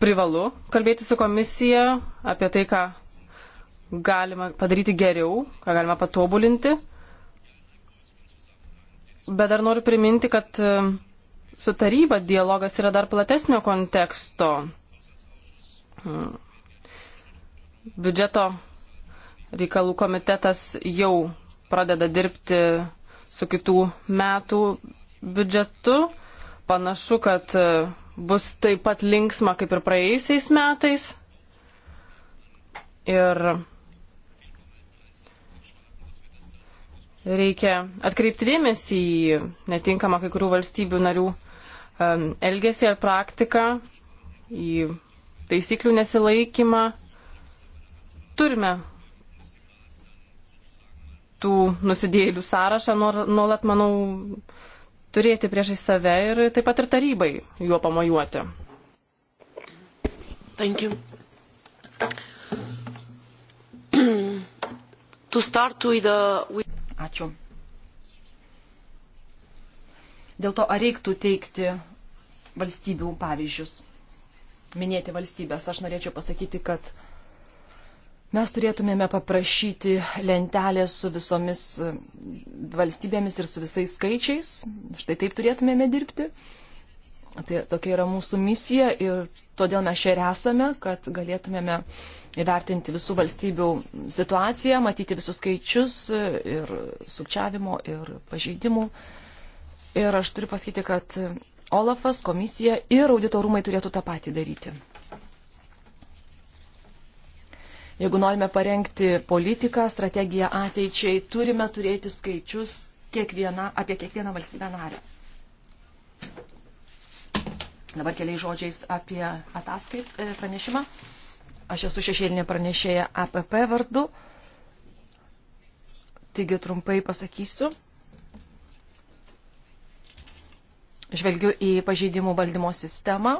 privalu kalbėti su komisija apie tai, ką galima padaryti geriau, ką galima patobulinti. Bet dar noriu priminti, kad e, su taryba dialogas yra dar platesnio konteksto. Mm. Biudžeto reikalų komitetas jau pradeda dirbti su kitų metų biudžetu. Panašu, kad e, bus taip pat linksma kaip ir praėjusiais metais. Ir reikia atkreipti dėmesį į netinkamą kai kurių valstybių narių e, elgesį ar praktiką, į taisyklių nesilaikymą. Turime tų nusidėjėlių sąrašą nuolat, manau, turėti priešai save ir taip pat ir tarybai juo pamojuoti. Thank you. to start with the... Uh, with... Ačiū. Dėl to, ar reiktų teikti valstybių pavyzdžius, minėti valstybės, aš norėčiau pasakyti, kad Mes turėtumėme paprašyti lentelės su visomis e, valstybėmis ir su visais skaičiais. Štai taip turėtumėme dirbti. Tai tokia yra mūsų misija ir todėl mes čia ir esame, kad galėtumėme įvertinti visų valstybių situaciją, matyti visus skaičius e, ir sukčiavimo ir pažeidimų. Ir aš turiu pasakyti, kad Olafas, komisija ir auditorumai turėtų tą patį daryti. Jeigu norime parengti politiką, strategiją ateičiai, turime turėti skaičius kiekviena, apie kiekvieną valstybę narę. Dabar keliai žodžiais apie ataskait e, pranešimą. Aš esu šešėlinė pranešėja APP vardu. Taigi trumpai pasakysiu. Žvelgiu į pažeidimų valdymo sistemą,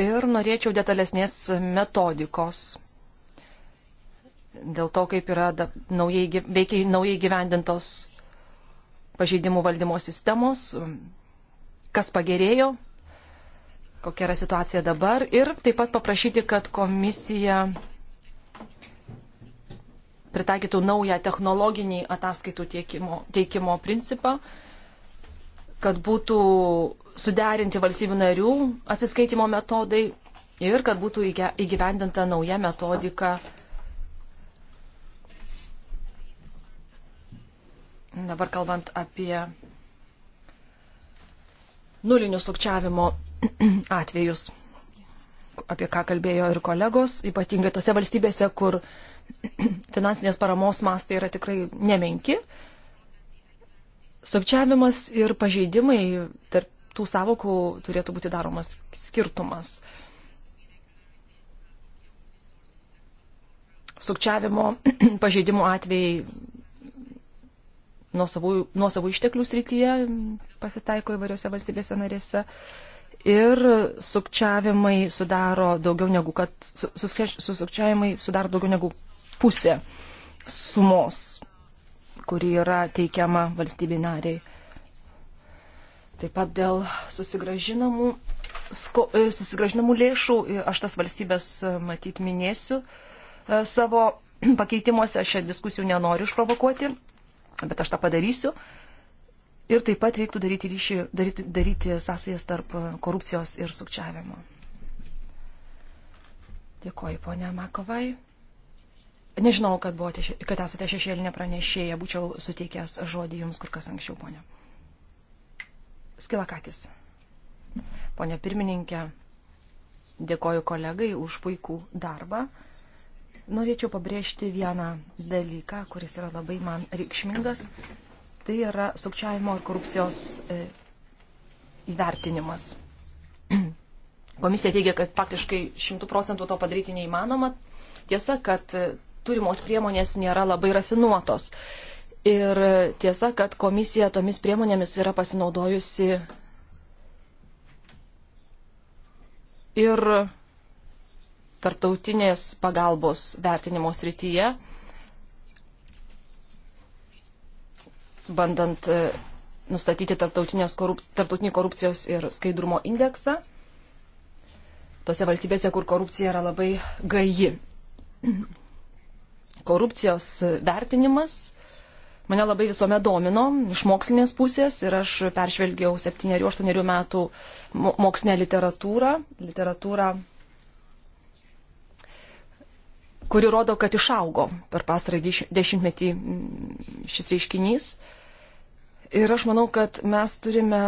ir norėčiau detalesnės metodikos dėl to, kaip yra da, naujai, veikiai naujai gyvendintos pažeidimų valdymo sistemos, kas pagerėjo, kokia yra situacija dabar ir taip pat paprašyti, kad komisija pritaikytų naują technologinį ataskaitų teikimo, teikimo principą, kad būtų suderinti valstybių narių atsiskaitimo metodai ir kad būtų įgyvendinta nauja metodika. Dabar kalbant apie nulinių sukčiavimo atvejus, apie ką kalbėjo ir kolegos, ypatingai tose valstybėse, kur finansinės paramos mastai yra tikrai nemenki, Sukčiavimas ir pažeidimai tarp tų savokų turėtų būti daromas skirtumas. Sukčiavimo pažeidimo atvejai nuo savų, nuo savų išteklių srityje pasitaiko įvairiose valstybėse narėse. Ir sukčiavimai sudaro daugiau negu, kad su, su, su sukčiavimai sudaro daugiau negu pusė sumos kuri yra teikiama valstybei nariai. Taip pat dėl susigražinamų, sko, e, susigražinamų lėšų e, aš tas valstybės e, matyt minėsiu savo pakeitimuose, aš šią diskusijų nenoriu išprovokuoti, bet aš tą padarysiu. Ir taip pat reiktų daryti, ryšį, daryti, daryti sąsajas tarp korupcijos ir sukčiavimo. Dėkoju, ponia Makovai. Nežinau, kad, buvote, kad esate šešėlinė pranešėja, būčiau suteikęs žodį jums kur kas anksčiau, ponė. Skilakakis. Pone pirmininkė, dėkoju kolegai už puikų darbą. Norėčiau pabrėžti vieną dalyką, kuris yra labai man reikšmingas. Tai yra sukčiavimo ir korupcijos e, įvertinimas. Komisija teigia, kad praktiškai 100 procentų to padaryti neįmanoma. Tiesa, kad e, turimos priemonės nėra labai rafinuotos. Ir tiesa, kad komisija tomis priemonėmis yra pasinaudojusi ir tarptautinės pagalbos vertinimo srityje, bandant e, nustatyti korup, tarptautinį korupcijos ir skaidrumo indeksą tose valstybėse, kur korupcija yra labai gaji korupcijos vertinimas mane labai visuomet domino iš mokslinės pusės ir aš peržvelgiau 7-8 metų mokslinę literatūrą, literatūrą, kuri rodo, kad išaugo per pastarąjį dešimtmetį mm, šis reiškinys. Ir aš manau, kad mes turime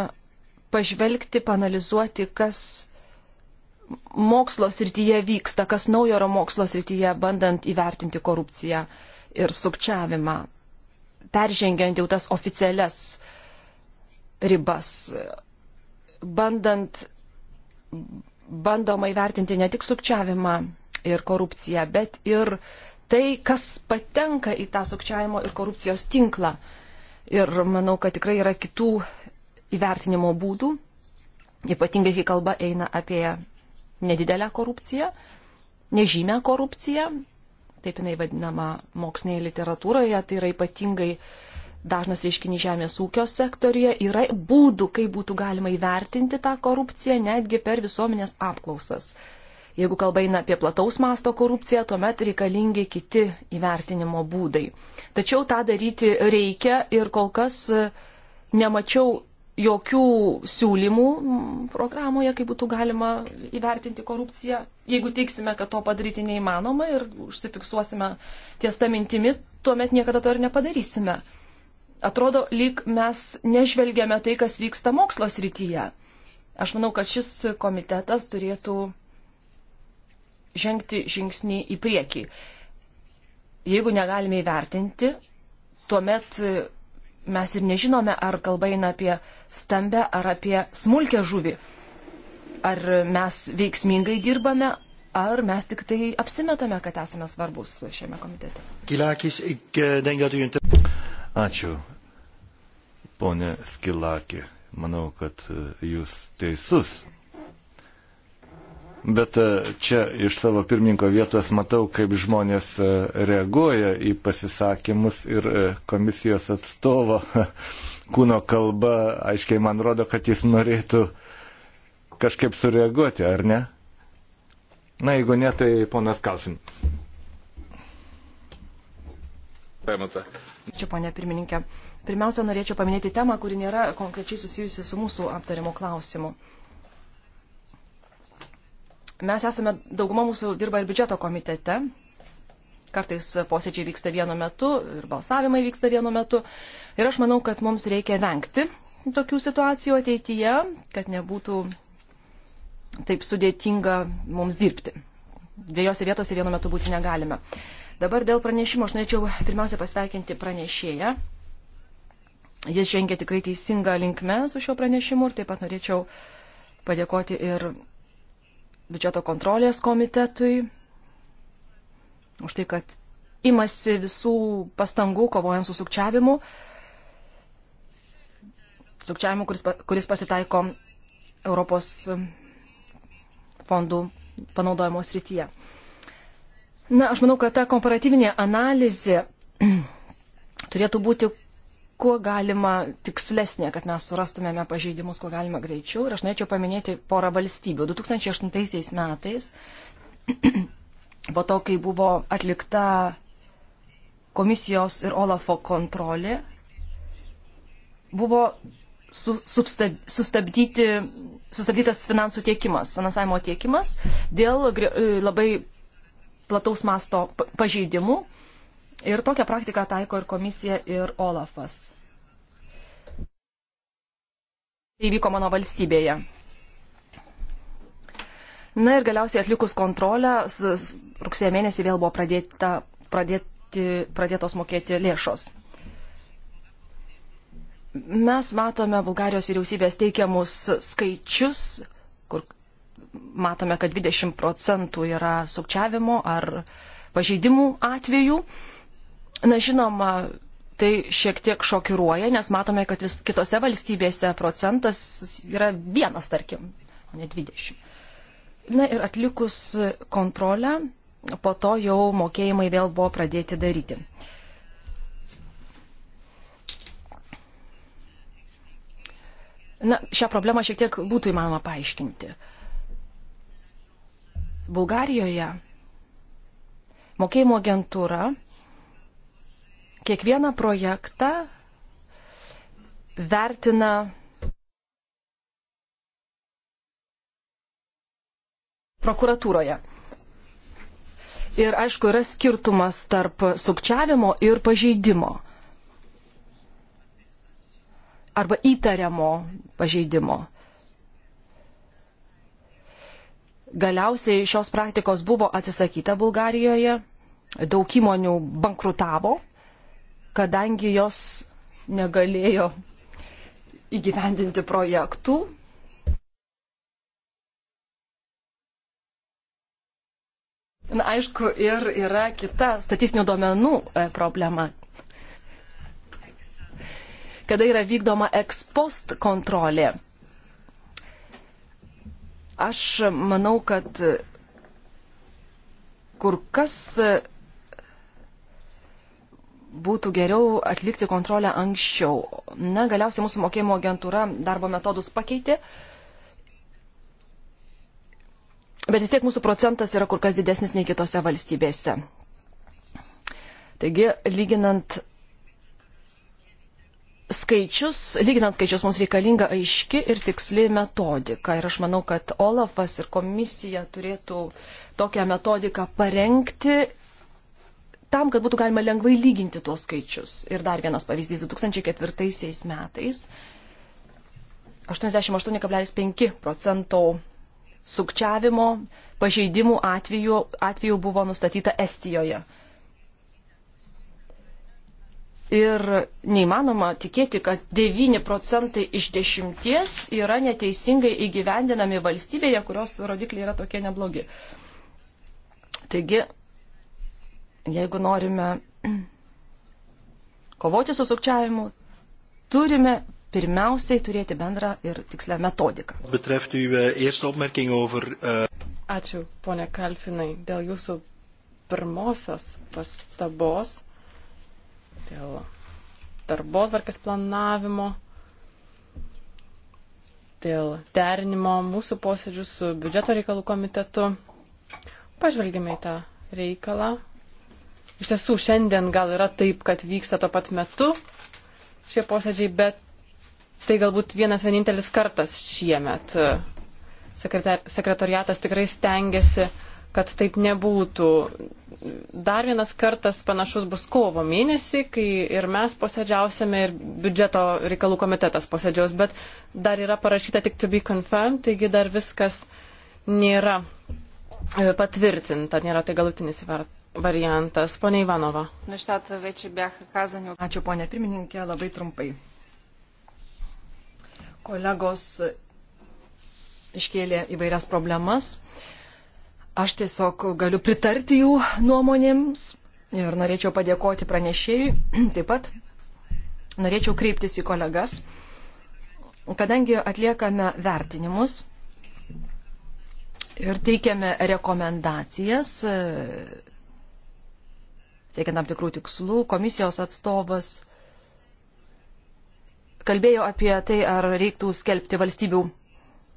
pažvelgti, panalizuoti, kas mokslo srityje vyksta, kas naujo yra mokslo srityje, bandant įvertinti korupciją ir sukčiavimą, peržengiant jau tas oficialias ribas, bandant, bandoma įvertinti ne tik sukčiavimą ir korupciją, bet ir tai, kas patenka į tą sukčiavimo ir korupcijos tinklą. Ir manau, kad tikrai yra kitų įvertinimo būdų, ypatingai kai kalba eina apie nedidelę korupciją, nežymę korupciją, taip jinai vadinama mokslinėje literatūroje, tai yra ypatingai dažnas reiškinys žemės ūkio sektorija, yra būdų, kaip būtų galima įvertinti tą korupciją netgi per visuomenės apklausas. Jeigu kalba eina apie plataus masto korupciją, tuomet reikalingi kiti įvertinimo būdai. Tačiau tą daryti reikia ir kol kas nemačiau jokių siūlymų mm, programoje, kaip būtų galima įvertinti korupciją. Jeigu teiksime, kad to padaryti neįmanoma ir užsifiksuosime ties tą mintimi, tuomet niekada to ir nepadarysime. Atrodo, lyg mes nežvelgiame tai, kas vyksta mokslo srityje. Aš manau, kad šis komitetas turėtų žengti žingsnį į priekį. Jeigu negalime įvertinti, tuomet mes ir nežinome, ar kalba eina apie stambę ar apie smulkę žuvį. Ar mes veiksmingai dirbame, ar mes tik tai apsimetame, kad esame svarbus šiame komitete. Kilakis, eh, Ačiū, ponė Skilakė. Manau, kad eh, jūs teisus. Bet e, čia iš savo pirmininko vietos matau, kaip žmonės e, reaguoja į pasisakymus ir e, komisijos atstovo kūno kalba aiškiai man rodo, kad jis norėtų kažkaip sureaguoti, ar ne? Na, jeigu ne, tai ponas Kalfin. Ačiū, ponė pirmininkė. Pirmiausia, norėčiau paminėti temą, kuri nėra konkrečiai susijusi su mūsų aptariamo klausimu mes esame, dauguma mūsų dirba ir biudžeto komitete. Kartais posėdžiai vyksta vienu metu ir balsavimai vyksta vienu metu. Ir aš manau, kad mums reikia vengti tokių situacijų ateityje, kad nebūtų taip sudėtinga mums dirbti. Dviejose vietose vienu metu būti negalime. Dabar dėl pranešimo aš norėčiau pirmiausia pasveikinti pranešėją. Jis žengia tikrai teisingą linkmę su šiuo pranešimu ir taip pat norėčiau padėkoti ir biudžeto kontrolės komitetui už tai, kad imasi visų pastangų kovojant su sukčiavimu. Sukčiavimu, kuris, kuris pasitaiko Europos fondų panaudojimo srityje. Na, aš manau, kad ta komparatyvinė analizė turėtų būti kuo galima tikslesnė, kad mes surastumėme pažeidimus, kuo galima greičiau. Ir aš norėčiau paminėti porą valstybių. 2008 metais, po to, kai buvo atlikta komisijos ir Olafo kontrolė, buvo su, substab, sustabdyti, sustabdytas finansų tiekimas, finansavimo tiekimas dėl e, labai plataus masto pažeidimų. Ir tokią praktiką taiko ir komisija, ir Olafas. Tai įvyko mano valstybėje. Na ir galiausiai atlikus kontrolę, rugsėjo mėnesį vėl buvo pradėta, pradėti, pradėtos mokėti lėšos. Mes matome Bulgarijos vyriausybės teikiamus skaičius, kur matome, kad 20 procentų yra sukčiavimo ar pažeidimų atvejų. Na žinoma, Tai šiek tiek šokiruoja, nes matome, kad vis kitose valstybėse procentas yra vienas, tarkim, o ne 20. Na ir atlikus kontrolę, po to jau mokėjimai vėl buvo pradėti daryti. Na, šią problemą šiek tiek būtų įmanoma paaiškinti. Bulgarijoje mokėjimo agentūra kiekvieną projektą vertina prokuratūroje. Ir aišku, yra skirtumas tarp sukčiavimo ir pažeidimo. Arba įtariamo pažeidimo. Galiausiai šios praktikos buvo atsisakyta Bulgarijoje, daug įmonių bankrutavo kadangi jos negalėjo įgyvendinti projektų. Na, aišku, ir yra kita statistinių duomenų e, problema. Kada yra vykdoma ekspost kontrolė. Aš manau, kad kur kas būtų geriau atlikti kontrolę anksčiau. Na, galiausiai mūsų mokėjimo agentūra darbo metodus pakeitė. Bet vis tiek mūsų procentas yra kur kas didesnis nei kitose valstybėse. Taigi, lyginant skaičius, lyginant skaičius, mums reikalinga aiški ir tiksli metodika. Ir aš manau, kad Olafas ir komisija turėtų tokią metodiką parengti tam, kad būtų galima lengvai lyginti tuos skaičius. Ir dar vienas pavyzdys - 2004 metais 88,5 procento sukčiavimo pažeidimų atveju, atveju buvo nustatyta Estijoje. Ir neįmanoma tikėti, kad 9 procentai iš 10 yra neteisingai įgyvendinami valstybėje, kurios rodikliai yra tokie neblogi. Taigi Jeigu norime kovoti su sukčiavimu, turime pirmiausiai turėti bendrą ir tikslę metodiką. Eh, eh, Ačiū, ponė Kalfinai, dėl jūsų pirmosios pastabos, dėl darbo tvarkės planavimo, dėl derinimo mūsų posėdžių su biudžeto reikalų komitetu. Pažvelgime į tą reikalą, Iš tiesų, šiandien gal yra taip, kad vyksta tuo pat metu šie posėdžiai, bet tai galbūt vienas vienintelis kartas šiemet. Sekretar, sekretariatas tikrai stengiasi, kad taip nebūtų. Dar vienas kartas panašus bus kovo mėnesį, kai ir mes posėdžiausime, ir biudžeto reikalų komitetas posėdžiaus, bet dar yra parašyta tik to be confirmed, taigi dar viskas nėra e, patvirtinta, nėra tai galutinis įvertinimas variantas. Pone Ivanova. Ačiū, ponė pirmininkė, labai trumpai. Kolegos iškėlė įvairias problemas. Aš tiesiog galiu pritarti jų nuomonėms ir norėčiau padėkoti pranešėjui. Taip pat norėčiau kreiptis į kolegas, kadangi atliekame vertinimus ir teikiame rekomendacijas siekiant tam tikrų tikslų. Komisijos atstovas kalbėjo apie tai, ar reiktų skelbti valstybių,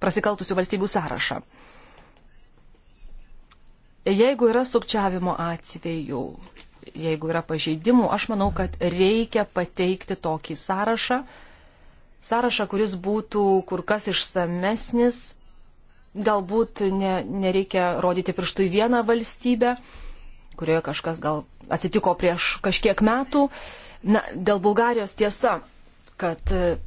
prasikaltusių valstybių sąrašą. Jeigu yra sukčiavimo atvejų, jeigu yra pažeidimų, aš manau, kad reikia pateikti tokį sąrašą, sąrašą, kuris būtų kur kas išsamesnis, galbūt ne, nereikia rodyti pirštų į vieną valstybę, kurioje kažkas gal atsitiko prieš kažkiek metų. Na, dėl Bulgarijos tiesa, kad e,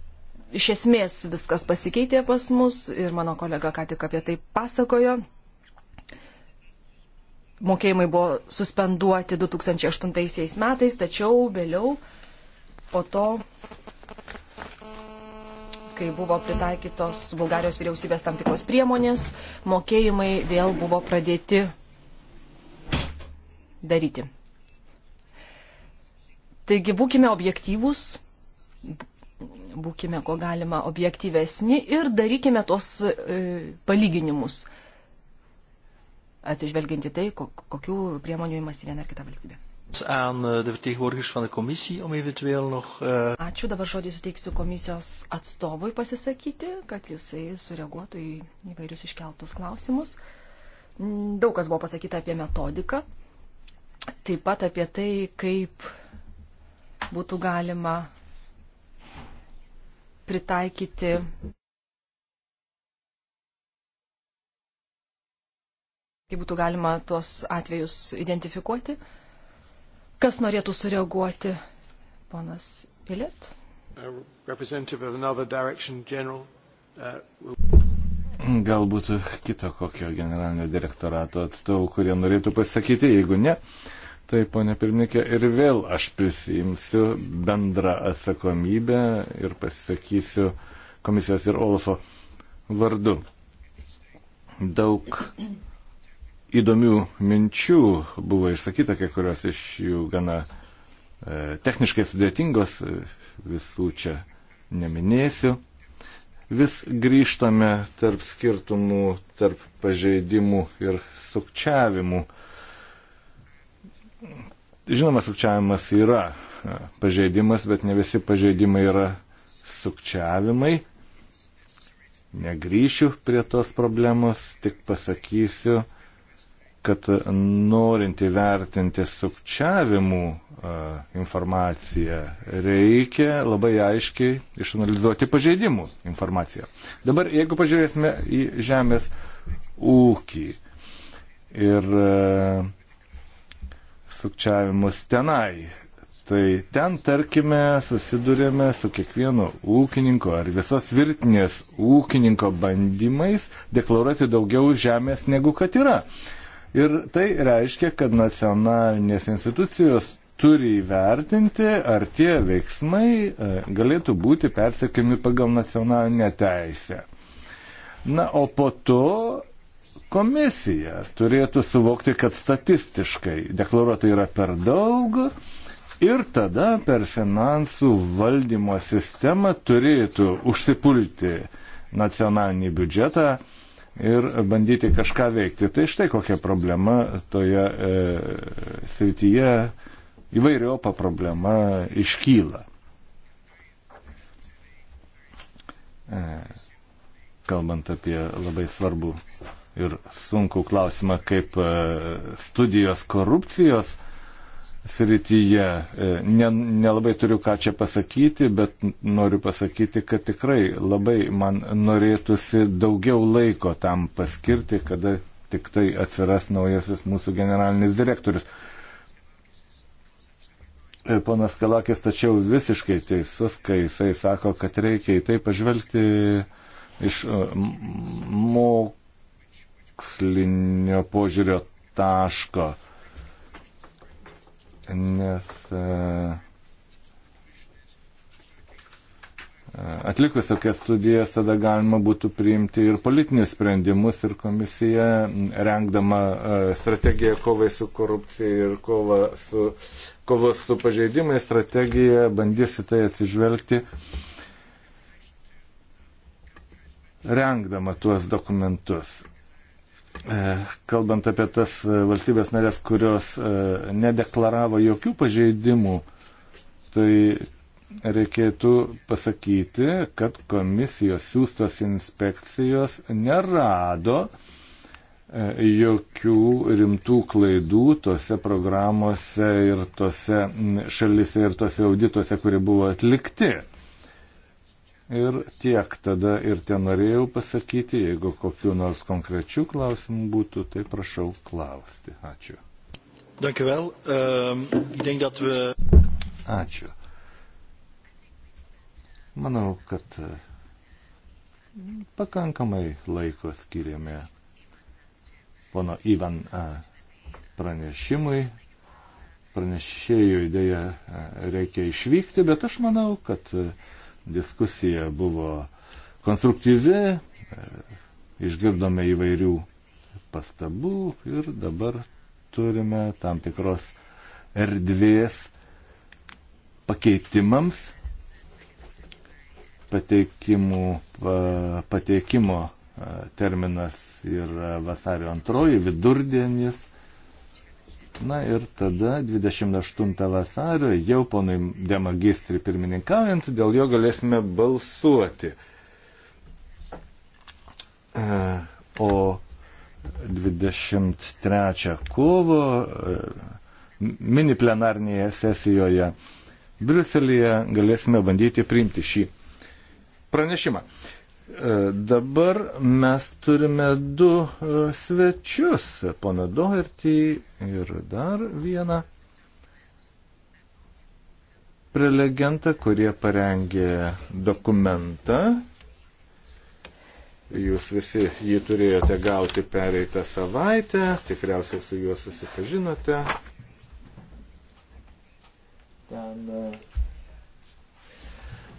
iš esmės viskas pasikeitė pas mus ir mano kolega ką tik apie tai pasakojo. Mokėjimai buvo suspenduoti 2008 metais, tačiau vėliau po to, kai buvo pritaikytos Bulgarijos vyriausybės tam tikros priemonės, mokėjimai vėl buvo pradėti daryti. Taigi būkime objektyvūs, būkime ko galima objektyvesni ir darykime tos e, palyginimus, atsižvelginti tai, kokių priemonių įmasi viena ar kita valstybė. E, e, Ačiū, dabar žodį suteiksiu komisijos atstovui pasisakyti, kad jisai sureaguotų į įvairius iškeltus klausimus. Daug kas buvo pasakyta apie metodiką, taip pat apie tai, kaip būtų galima pritaikyti kaip būtų galima tuos atvejus identifikuoti. Kas norėtų sureaguoti, ponas Ilėt? Uh, Galbūt kito kokio generalinio direktorato atstovų, kurie norėtų pasakyti, jeigu ne, uh, Taip, ponė pirmininkė, ir vėl aš prisijimsiu bendrą atsakomybę ir pasisakysiu komisijos ir Olafo vardu. Daug įdomių minčių buvo išsakyta, kai kurios iš jų gana e, techniškai sudėtingos, e, visų čia neminėsiu. Vis grįžtame tarp skirtumų, tarp pažeidimų ir sukčiavimų. E, Žinoma, sukčiavimas yra e, pažeidimas, bet ne visi pažeidimai yra sukčiavimai. Negryšiu prie tos problemos, tik pasakysiu, kad norint įvertinti sukčiavimų e, informaciją, reikia labai aiškiai išanalizuoti pažeidimų informaciją. Dabar, jeigu pažiūrėsime į žemės ūkį ir e, sukčiavimus tenai. Tai ten, tarkime, susidurėme su kiekvienu ūkininku ar visos virtinės ūkininko bandymais deklaruoti daugiau žemės negu kad yra. Ir tai reiškia, kad nacionalinės institucijos turi įvertinti, ar tie veiksmai e, galėtų būti persekiami pagal nacionalinę teisę. Na, o po to Komisija turėtų suvokti, kad statistiškai deklaruota yra per daug ir tada per finansų valdymo sistemą turėtų užsipulti nacionalinį biudžetą ir bandyti kažką veikti. Tai štai kokia problema toje e, srityje, įvairiopa problema iškyla. E, kalbant apie labai svarbų ir sunkų klausimą, kaip e, studijos korupcijos srityje. E, nelabai ne turiu ką čia pasakyti, bet noriu pasakyti, kad tikrai labai man norėtųsi daugiau laiko tam paskirti, kada tik tai atsiras naujasis mūsų generalinis direktorius. E, ponas Kalakis tačiau visiškai teisus, kai jisai sako, kad reikia į tai pažvelgti iš mo mokslinio požiūrio taško, nes e, Atlikus tokias studijas tada galima būtų priimti ir politinius sprendimus ir komisija, rengdama e, strategiją kovai su korupcija ir kova su, kovos su pažeidimai strategija, bandys į tai atsižvelgti, rengdama tuos dokumentus. E, kalbant apie tas e, valstybės narės, kurios e, nedeklaravo jokių pažeidimų, tai reikėtų pasakyti, kad komisijos siūstos inspekcijos nerado jokių rimtų klaidų tose programuose ir tose šalise ir tose audituose, kurie buvo atlikti. Ir tiek tada ir ten norėjau pasakyti, jeigu kokiu nors konkrečiu klausimu būtų, tai prašau klausti. Ačiū. Dankjewel. Um, ehm, ik denk dat we... Ačiū. Manau, kad eh, pakankamai laiko skiriame pono Ivan eh, pranešimui. Pranešėjų idėja eh, reikia išvykti, bet aš manau, kad uh, Diskusija buvo konstruktyvi, išgirdome įvairių pastabų ir dabar turime tam tikros erdvės pakeitimams pateikimų, pateikimo terminas yra vasario antroji vidurdienis. Na ir tada 28 vasario jau ponui demagistri pirmininkaujant, dėl jo galėsime balsuoti. E, o 23 kovo e, mini plenarnėje sesijoje Briuselėje galėsime bandyti priimti šį pranešimą. E, dabar mes turime du e, svečius, pana Doherty ir dar vieną prelegentą, kurie parengė dokumentą. Jūs visi jį turėjote gauti pereitą savaitę, tikriausiai su juo susipažinote. Ten e,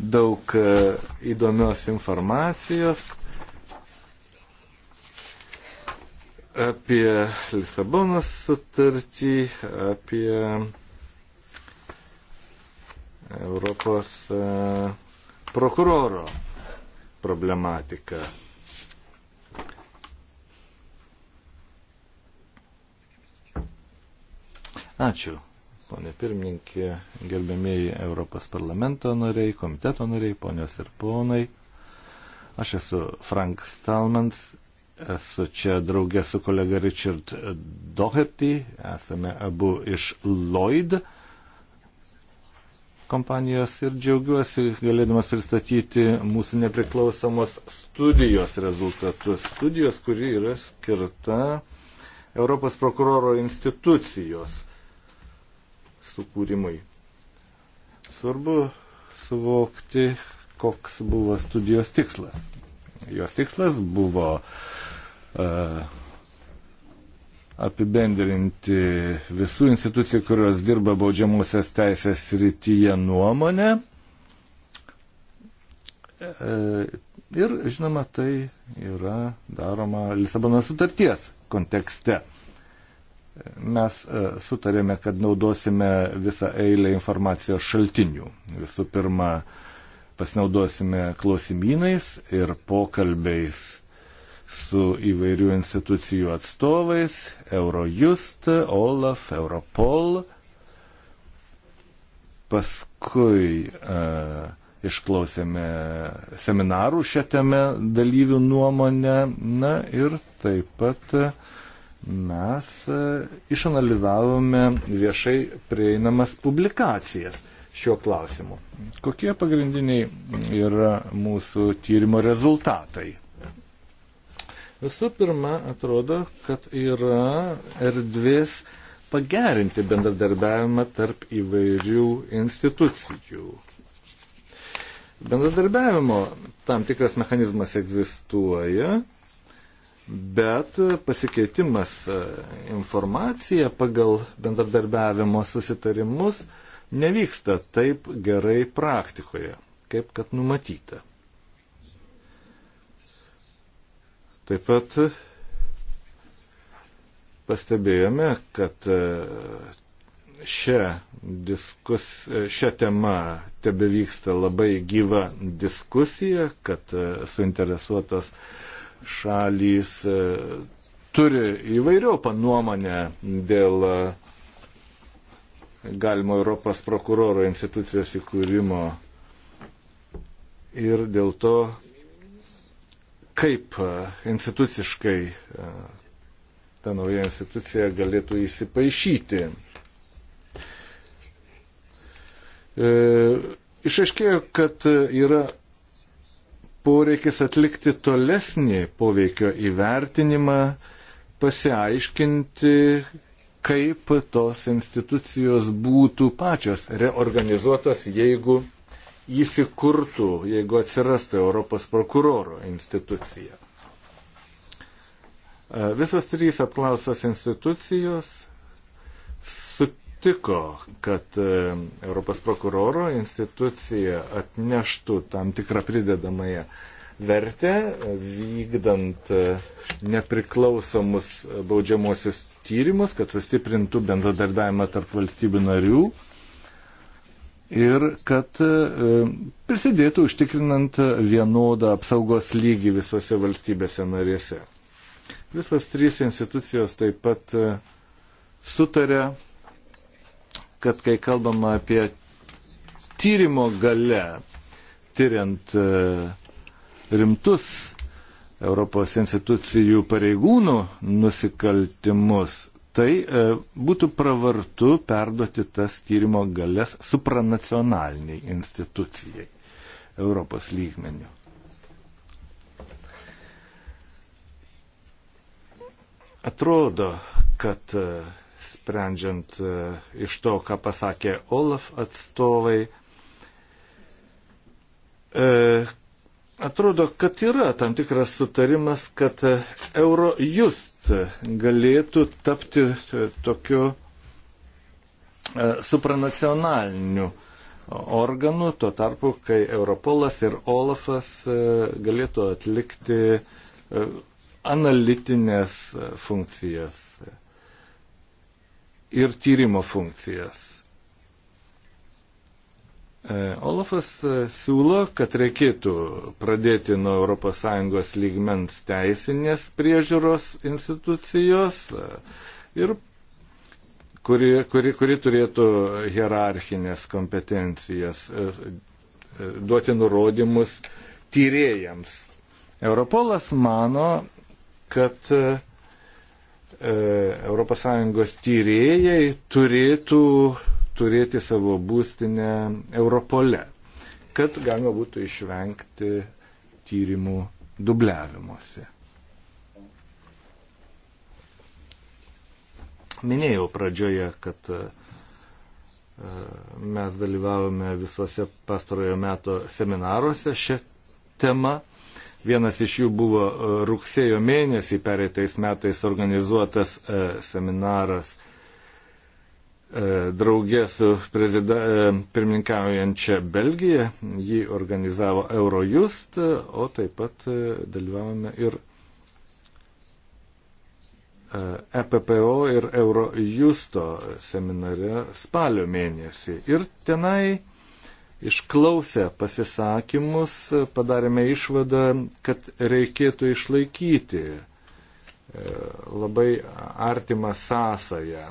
daug e, įdomios informacijos apie Lisabonos sutartį, apie Europos e, prokuroro problematiką. Ačiū ponė pirmininkė, gerbėmėjai Europos parlamento nariai, komiteto nariai, ponios ir ponai. Aš esu Frank Stalmans, esu čia draugė su kolega Richard Doherty, esame abu iš Lloyd kompanijos ir džiaugiuosi galėdamas pristatyti mūsų nepriklausomos studijos rezultatus. Studijos, kuri yra skirta Europos prokuroro institucijos sukūrimui. Svarbu suvokti, koks buvo studijos tikslas. Jos tikslas buvo uh, apibendrinti visų institucijų, kurios dirba baudžiamusias teisės rytyje nuomonę. Uh, ir, žinoma, tai yra daroma Lisabono sutarties kontekste. Uh, Mes e, sutarėme, kad naudosime visą eilę informacijos šaltinių. Visų pirma, pasinaudosime klausimynais ir pokalbiais su įvairių institucijų atstovais - Eurojust, Olaf, Europol. Paskui e, išklausėme seminarų šią temą dalyvių nuomonę. Na ir taip pat mes e, išanalizavome viešai prieinamas publikacijas šiuo klausimu. Kokie pagrindiniai yra mūsų tyrimo rezultatai? Visų pirma, atrodo, kad yra erdvės pagerinti bendradarbiavimą tarp įvairių institucijų. Bendradarbiavimo tam tikras mechanizmas egzistuoja, bet pasikeitimas e, informacija pagal bendradarbiavimo susitarimus nevyksta taip gerai praktikoje, kaip kad numatyta. Taip pat pastebėjome, kad e, šią, diskus, šią temą tebe vyksta labai gyva diskusija, kad e, suinteresuotos uh, šalys e, turi įvairiopą nuomonę dėl e, galimo Europos prokuroro institucijos įkūrimo ir dėl to, kaip e, instituciškai ta nauja institucija galėtų įsipaišyti. E, išaiškėjo, kad yra poreikis atlikti tolesnį poveikio įvertinimą, pasiaiškinti, kaip tos institucijos būtų pačios reorganizuotos, jeigu įsikurtų, jeigu atsirastų Europos prokuroro institucija. Visos trys apklausos institucijos su sutiko, kad e, Europos prokuroro institucija atneštų tam tikrą pridedamąją vertę, vykdant e, nepriklausomus baudžiamosius tyrimus, kad sustiprintų bendradarbiavimą tarp valstybių narių ir kad e, prisidėtų užtikrinant vienodą apsaugos lygį visose valstybėse narėse. Visos trys institucijos taip pat sutarė kad kai kalbama apie tyrimo gale, tyriant e, rimtus Europos institucijų pareigūnų nusikaltimus, tai e, būtų pravartu perduoti tas tyrimo galės supranacionaliniai institucijai Europos lygmenių. Atrodo, kad e, sprendžiant e, iš to, ką pasakė Olaf atstovai. E, atrodo, kad yra tam tikras sutarimas, kad Eurojust galėtų tapti e, tokiu supranacionaliniu organų, tuo tarpu, kai Europolas ir Olafas galėtų atlikti analitinės funkcijas ir tyrimo funkcijas. E, Olafas e, siūlo, kad reikėtų pradėti nuo ES lygmens teisinės priežiūros institucijos, e, ir, kuri, kuri, kuri turėtų hierarchinės kompetencijas duoti nurodymus tyrėjams. Europolas mano, kad ES tyrėjai turėtų turėti savo būstinę Europole, kad galima būtų išvengti tyrimų dubliavimuose. Minėjau pradžioje, kad e, mes dalyvavome visose pastarojo meto seminaruose šią temą Vienas iš jų buvo e, rugsėjo mėnesį pereitais metais organizuotas e, seminaras e, draugė su pirmininkaujančia Belgija. Jį organizavo Eurojust, o taip pat dalyvavome ir EPPO ir Eurojusto seminare spalio mėnesį. Ir tenai Išklausę pasisakymus padarėme išvadą, kad reikėtų išlaikyti e, labai artimą sąsąją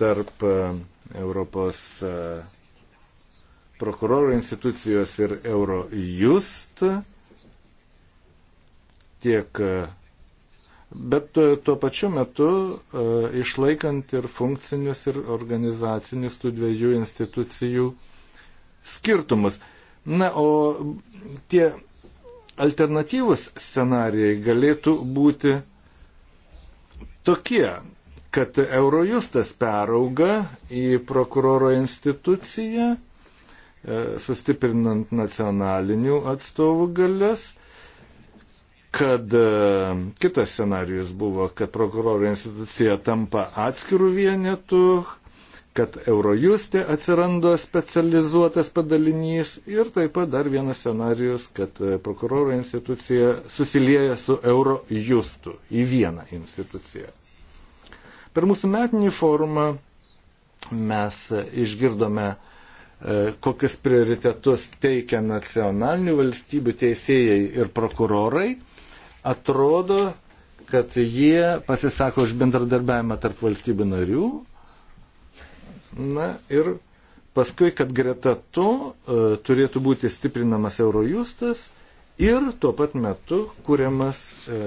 tarp e, Europos e, prokuroro institucijos ir Eurojust tiek, bet tuo pačiu metu išlaikant ir funkcinius ir organizacinius tų dviejų institucijų uh, skirtumus. Na, o tie alternatyvus scenarijai galėtų būti tokie, kad Eurojustas perauga į prokuroro instituciją, e, sustiprinant nacionalinių atstovų galės, kad e, kitas scenarijus buvo, kad prokuroro institucija tampa atskirų vienetų, kad Eurojuste atsirando specializuotas padalinys ir taip pat dar vienas scenarius, kad e, prokuroro institucija susilieja su Eurojustu į vieną instituciją. Per mūsų metinį forumą mes e, išgirdome, e, kokius prioritetus teikia nacionalinių valstybių teisėjai ir prokurorai. Atrodo, kad jie pasisako už bendradarbiavimą tarp valstybių narių, Na ir paskui, kad greta to e, turėtų būti stiprinamas Eurojustas ir tuo pat metu kuriamas, e,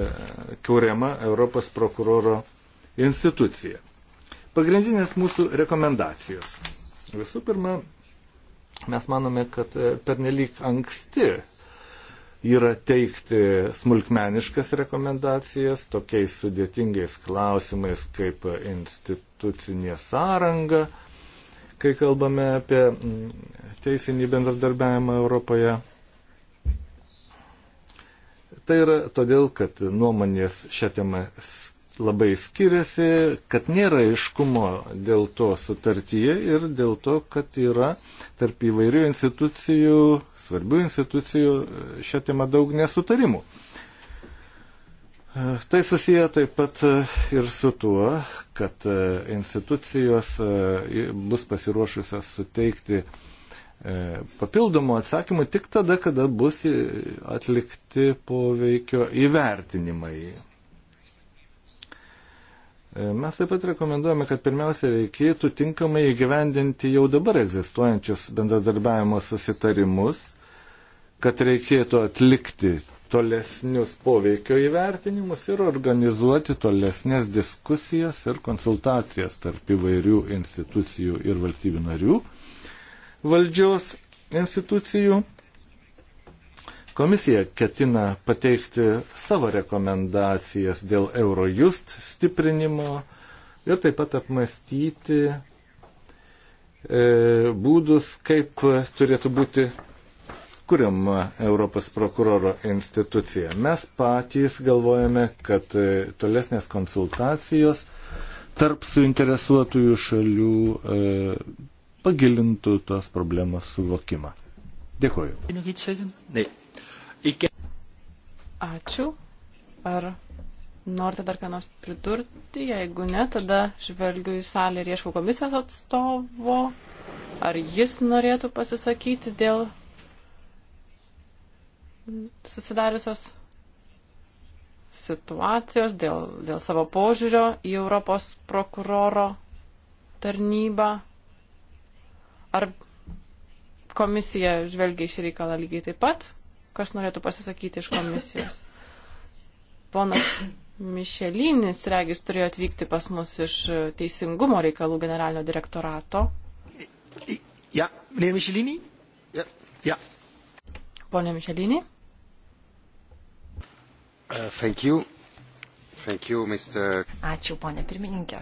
kuriama Europos prokuroro institucija. Pagrindinės mūsų rekomendacijos. Visų pirma, mes manome, kad e, pernelyg anksti yra teikti smulkmeniškas rekomendacijas tokiais sudėtingais klausimais kaip institucinė sąranga, Kai kalbame apie mm, teisinį bendradarbiavimą Europoje, tai yra todėl, kad nuomonės šią temą labai skiriasi, kad nėra iškumo dėl to sutartyje ir dėl to, kad yra tarp įvairių institucijų, svarbių institucijų e, šią temą daug nesutarimų. Tai susiję taip pat e, ir su tuo, kad e, institucijos e, bus pasiruošusios suteikti papildomų atsakymų tik tada, kada bus atlikti poveikio įvertinimai. Mes taip pat rekomenduojame, kad pirmiausia reikėtų tinkamai įgyvendinti jau dabar egzistuojančius bendradarbiavimo susitarimus, kad reikėtų atlikti tolesnius poveikio įvertinimus ir organizuoti tolesnės diskusijas ir konsultacijas tarp įvairių institucijų ir valstybių narių valdžios institucijų. Komisija ketina pateikti savo rekomendacijas dėl Eurojust stiprinimo ir taip pat apmastyti e, būdus, kaip turėtų būti atkuriama Europos prokuroro institucija. Mes patys galvojame, kad e, tolesnės konsultacijos tarp suinteresuotųjų šalių e, pagilintų tos problemos suvokimą. Dėkuoju. Ačiū. Ar norite dar ką nors pridurti? Jeigu ne, tada žvelgiu į salę ir ieškau komisijos atstovo. Ar jis norėtų pasisakyti dėl susidariusios situacijos, dėl, dėl savo požiūrio į Europos prokuroro tarnybą. Ar komisija žvelgia į šį reikalą lygiai taip pat? Kas norėtų pasisakyti iš komisijos? Ponas Mišelinis, regis, turėjo atvykti pas mus iš Teisingumo reikalų generalinio direktorato. Ja, meneer Mišelinį? Ja, ja. Pone Mišelinį. Uh, thank you. Thank you, Mr. Ačiū, ponė pirmininkė.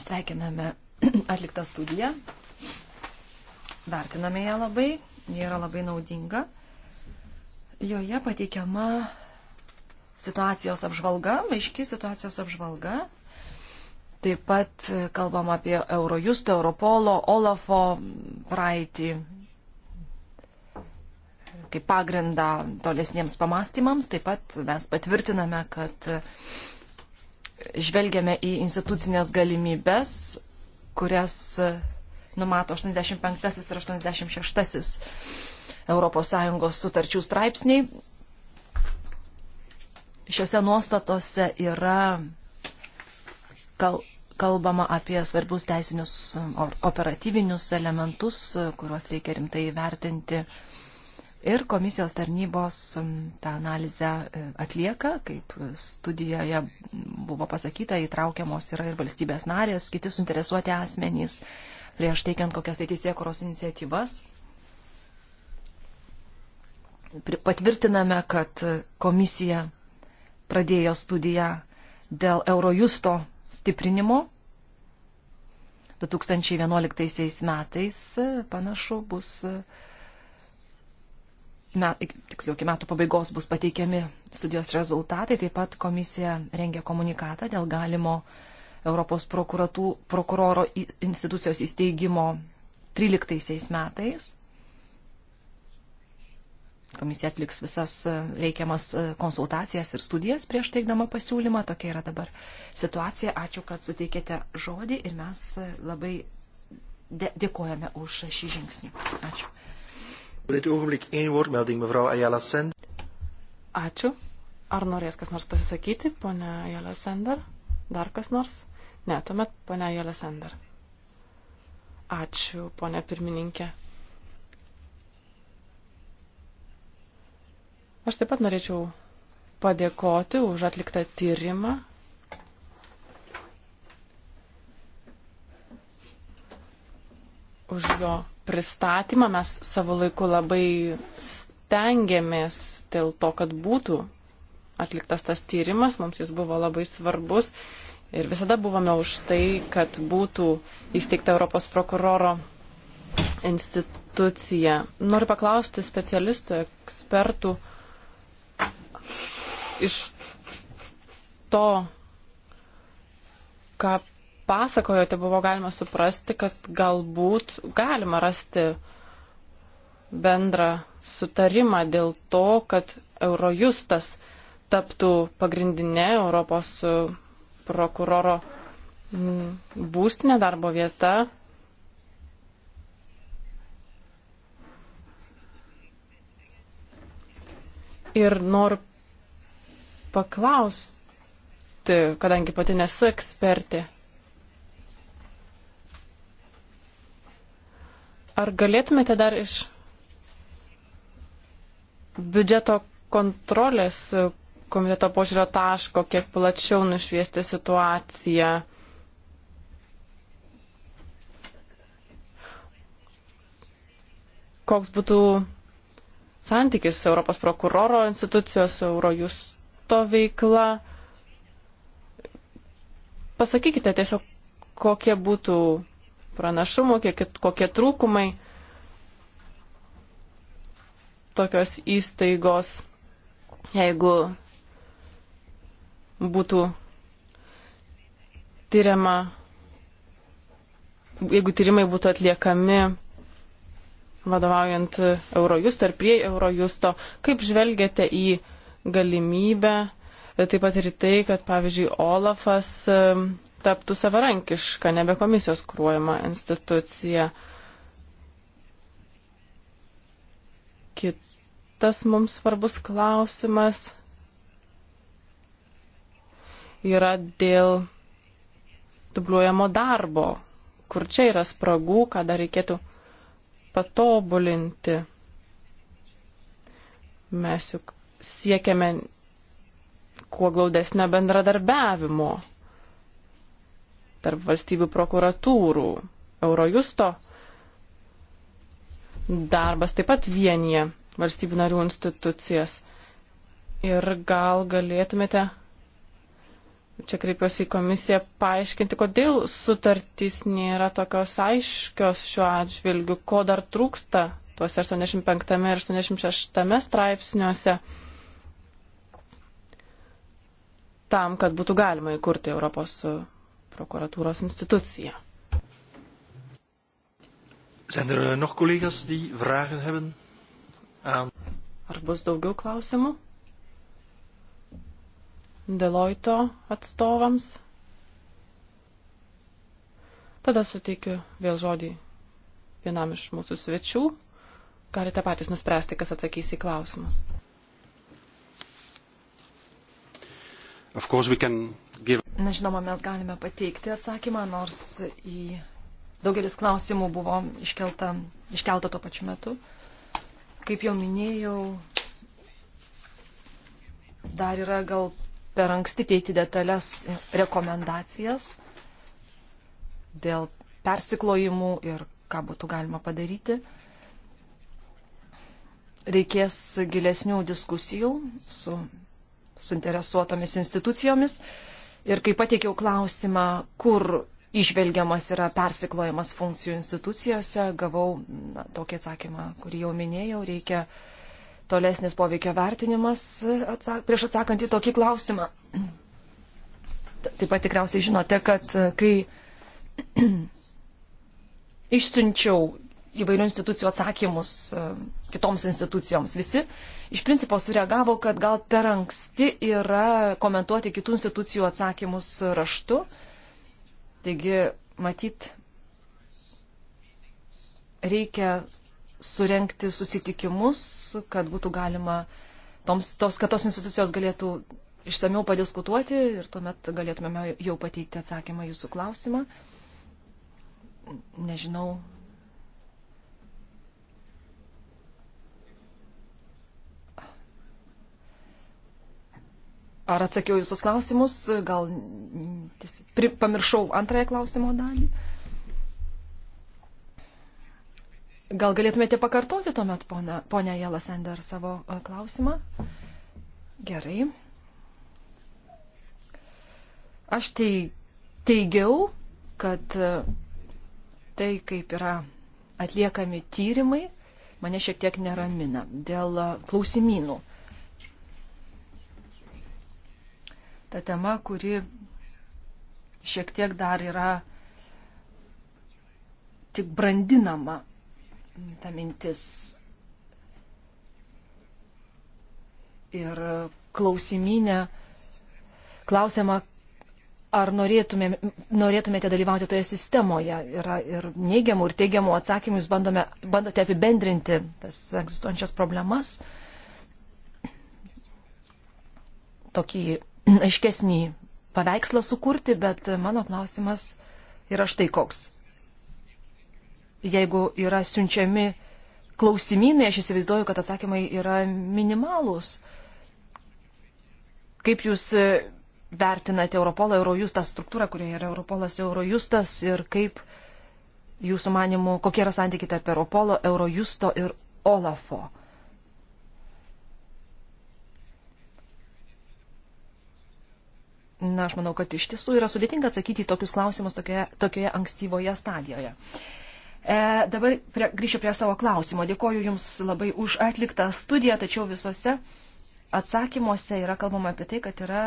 Sveikiname atliktą studiją. Vertiname ją labai. Ji yra labai naudinga. Joje pateikiama situacijos apžvalga, aiški situacijos apžvalga. Taip pat kalbam apie Eurojusto, Europolo, Olafo praeitį, kaip pagrindą tolesniems pamastymams. Taip pat mes patvirtiname, kad žvelgiame į institucinės galimybės, kurias numato 85 ir 86 ES sutarčių straipsniai. Šiuose nuostatose yra kal, kalbama apie svarbius teisinius operatyvinius elementus, kuriuos reikia rimtai vertinti Ir komisijos tarnybos tą analizę e, atlieka, kaip studijoje buvo pasakyta, įtraukiamos yra ir valstybės narės, kiti suinteresuoti asmenys prieš teikiant kokias tai teisėkuros iniciatyvas. Patvirtiname, kad komisija pradėjo studiją dėl Eurojusto stiprinimo 2011 metais, e, panašu, bus e, met, tiksliau, iki metų pabaigos bus pateikiami studijos rezultatai. Taip pat komisija rengia komunikatą dėl galimo Europos prokuroro institucijos įsteigimo 13 metais. Komisija atliks visas e, reikiamas e, konsultacijas ir studijas prieš teikdama pasiūlymą. Tokia yra dabar situacija. Ačiū, kad suteikėte žodį ir mes e, labai dėkojame už šį žingsnį. Ačiū. Ačiū. Ar norės kas nors pasisakyti, ponia Jala Sender? Dar kas nors? Ne, tuomet ponia Jala Sender. Ačiū, ponia pirmininkė. Aš taip pat norėčiau padėkoti už atliktą tyrimą. Už jo pristatymą. Mes savo laiku labai stengiamės dėl to, kad būtų atliktas tas tyrimas, mums jis buvo labai svarbus ir visada buvome už tai, kad būtų įsteigta Europos prokuroro institucija. Noriu paklausti specialistų, ekspertų iš to, ką papasakojote, buvo galima suprasti, kad galbūt galima rasti bendrą sutarimą dėl to, kad Eurojustas taptų pagrindinė Europos prokuroro mm, būstinė darbo vieta. Ir noriu paklausti, kadangi pati nesu ekspertė, Ar galėtumėte dar iš biudžeto kontrolės e, komiteto požiūrio taško kiek plačiau nušviesti situaciją? Koks būtų santykis Europos prokuroro institucijos, Eurojusto veikla? Pasakykite tiesiog, kokie būtų pranašumų, kiek, kokie trūkumai tokios įstaigos, jeigu būtų tyriama, jeigu tyrimai būtų atliekami vadovaujant Eurojusto ar prie Eurojusto, kaip žvelgiate į galimybę, taip pat ir tai, kad pavyzdžiui Olafas taptų savarankiška, nebe komisijos kruojama institucija. Kitas mums svarbus klausimas yra dėl dubliuojamo darbo, kur čia yra spragų, ką dar reikėtų patobulinti. Mes juk siekiame kuo glaudesnio bendradarbiavimo tarp valstybių prokuratūrų, Eurojusto darbas taip pat vienyje valstybių narių institucijas. Ir gal galėtumėte, čia kreipiuosi į komisiją, paaiškinti, kodėl sutartys nėra tokios aiškios šiuo atžvilgiu, ko dar trūksta tuose 85 ir 86 straipsniuose tam, kad būtų galima įkurti Europos prokuratūros instituciją. Zijn er eh, nog collega's die vragen hebben aan? Ar bus daugiau klausimų? Deloito atstovams. Tada suteikiu vėl žodį vienam iš mūsų svečių. Galite patys nuspręsti, kas atsakys į klausimus. Of course we can give... Na žinoma, mes galime pateikti atsakymą, nors į daugelis klausimų buvo iškelta, iškelta tuo pačiu metu. Kaip jau minėjau, dar yra gal per anksti teikti detalės rekomendacijas dėl persiklojimų ir ką būtų galima padaryti. Reikės gilesnių diskusijų su suinteresuotomis institucijomis. Uh, Ir kai pateikiau klausimą, kur išvelgiamas yra persiklojimas funkcijų institucijose, gavau na, tokį atsakymą, kurį jau minėjau, reikia tolesnis poveikio vertinimas atsak, prieš atsakant į tokį klausimą. Taip pat tikriausiai žinote, kad kai išsiunčiau įvairių institucijų atsakymus e, kitoms institucijoms. Visi iš principo sureagavo, kad gal per anksti yra komentuoti kitų institucijų atsakymus raštu. Taigi, matyt, reikia surenkti susitikimus, kad būtų galima toms, tos, kad tos institucijos galėtų išsamiau padiskutuoti ir tuomet galėtumėme jau pateikti atsakymą jūsų klausimą. Nežinau, Ar atsakiau visus klausimus? Gal pri, pamiršau antrąją klausimo dalį? Gal galėtumėte pakartoti tuomet, ponia Jela Sender, savo e, klausimą? Gerai. Aš teigiau, kad e, tai, kaip yra atliekami tyrimai, mane šiek tiek neramina dėl e, klausimynų. ta tema, kuri šiek tiek dar yra tik brandinama ta mintis. Ir klausimynė klausiama, ar norėtumė, norėtumėte dalyvauti toje sistemoje. Yra ir neigiamų, ir teigiamų atsakymų, jūs bandome, bandote apibendrinti tas egzistuojančias problemas. Tokį aiškesnį paveikslą sukurti, bet mano klausimas yra štai koks. Jeigu yra siunčiami klausimynai, aš įsivaizduoju, kad atsakymai yra minimalūs. Kaip jūs vertinate Europolą, Eurojustą struktūrą, kurioje yra Europolas, Eurojustas ir kaip jūsų manimu, kokie yra santykiai tarp Europolo, Eurojusto ir Olafo? Na, aš manau, kad iš tiesų yra sudėtinga atsakyti į tokius klausimus tokioje, tokioje ankstyvoje stadijoje. E, dabar prie, grįšiu prie savo klausimo. Dėkoju Jums labai už atliktą studiją, tačiau visose atsakymuose yra kalbama apie tai, kad yra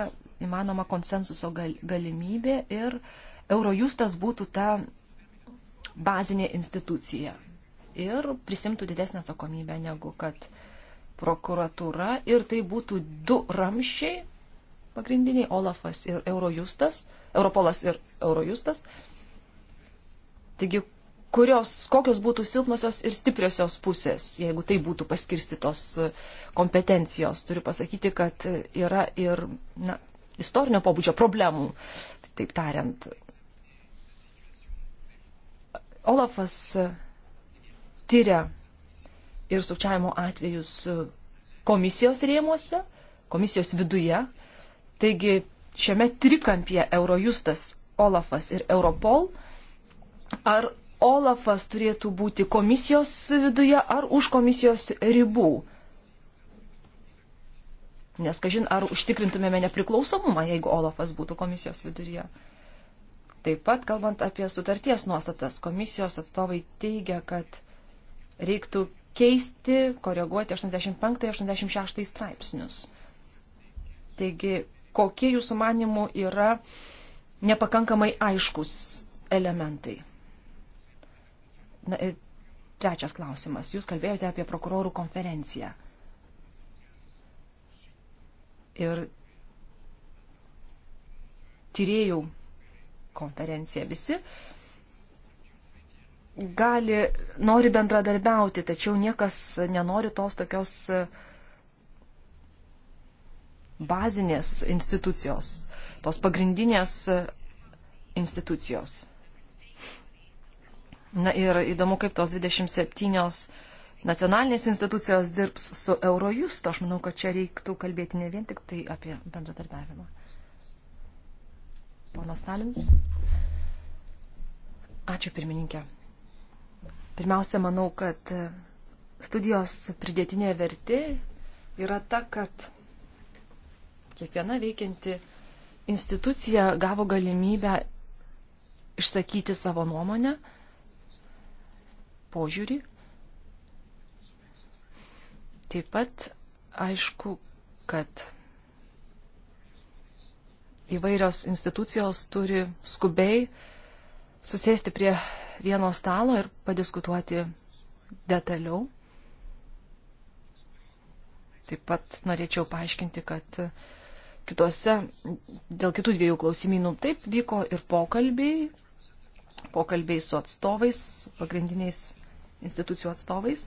įmanoma konsensuso gal, galimybė ir Eurojustas būtų ta bazinė institucija ir prisimtų didesnę atsakomybę negu kad prokuratūra ir tai būtų du ramšiai pagrindiniai - Olafas ir Eurojustas, Europolas ir Eurojustas. Taigi, kurios, kokios būtų silpnosios ir stipriosios pusės, jeigu tai būtų paskirstytos e, kompetencijos. Turiu pasakyti, kad yra ir na, istorinio pobūdžio problemų, taip tariant. Olafas e, tyria ir sukčiavimo atvejus e, komisijos rėmuose, komisijos viduje, Taigi šiame trikampyje Eurojustas, Olafas ir Europol, ar Olafas turėtų būti komisijos viduje ar už komisijos ribų? Nes, kažin, ar užtikrintumėme nepriklausomumą, jeigu Olafas būtų komisijos viduryje. Taip pat, kalbant apie sutarties nuostatas, komisijos atstovai teigia, kad reiktų keisti, koreguoti 85-86 straipsnius. Taigi, kokie jūsų manimų yra nepakankamai aiškus elementai. Na, e, trečias klausimas. Jūs kalbėjote apie prokurorų konferenciją. Ir tyriejų konferencija visi gali, nori bendradarbiauti, tačiau niekas nenori tos tokios uh, bazinės institucijos, tos pagrindinės institucijos. Na ir įdomu, kaip tos 27 nacionalinės institucijos dirbs su Eurojust. Aš manau, kad čia reiktų kalbėti ne vien tik tai apie bendradarbiavimą. Ponas Stalins. Ačiū pirmininkė. Pirmiausia, manau, kad studijos pridėtinė vertė yra ta, kad kiekviena veikianti institucija gavo galimybę išsakyti savo nuomonę, požiūrį. Taip pat aišku, kad įvairios institucijos turi skubiai susėsti prie vieno stalo ir padiskutuoti detaliau. Taip pat norėčiau paaiškinti, kad uh, kitose, dėl kitų dviejų klausimynų. Taip vyko ir pokalbiai, pokalbiai su atstovais, pagrindiniais institucijų atstovais,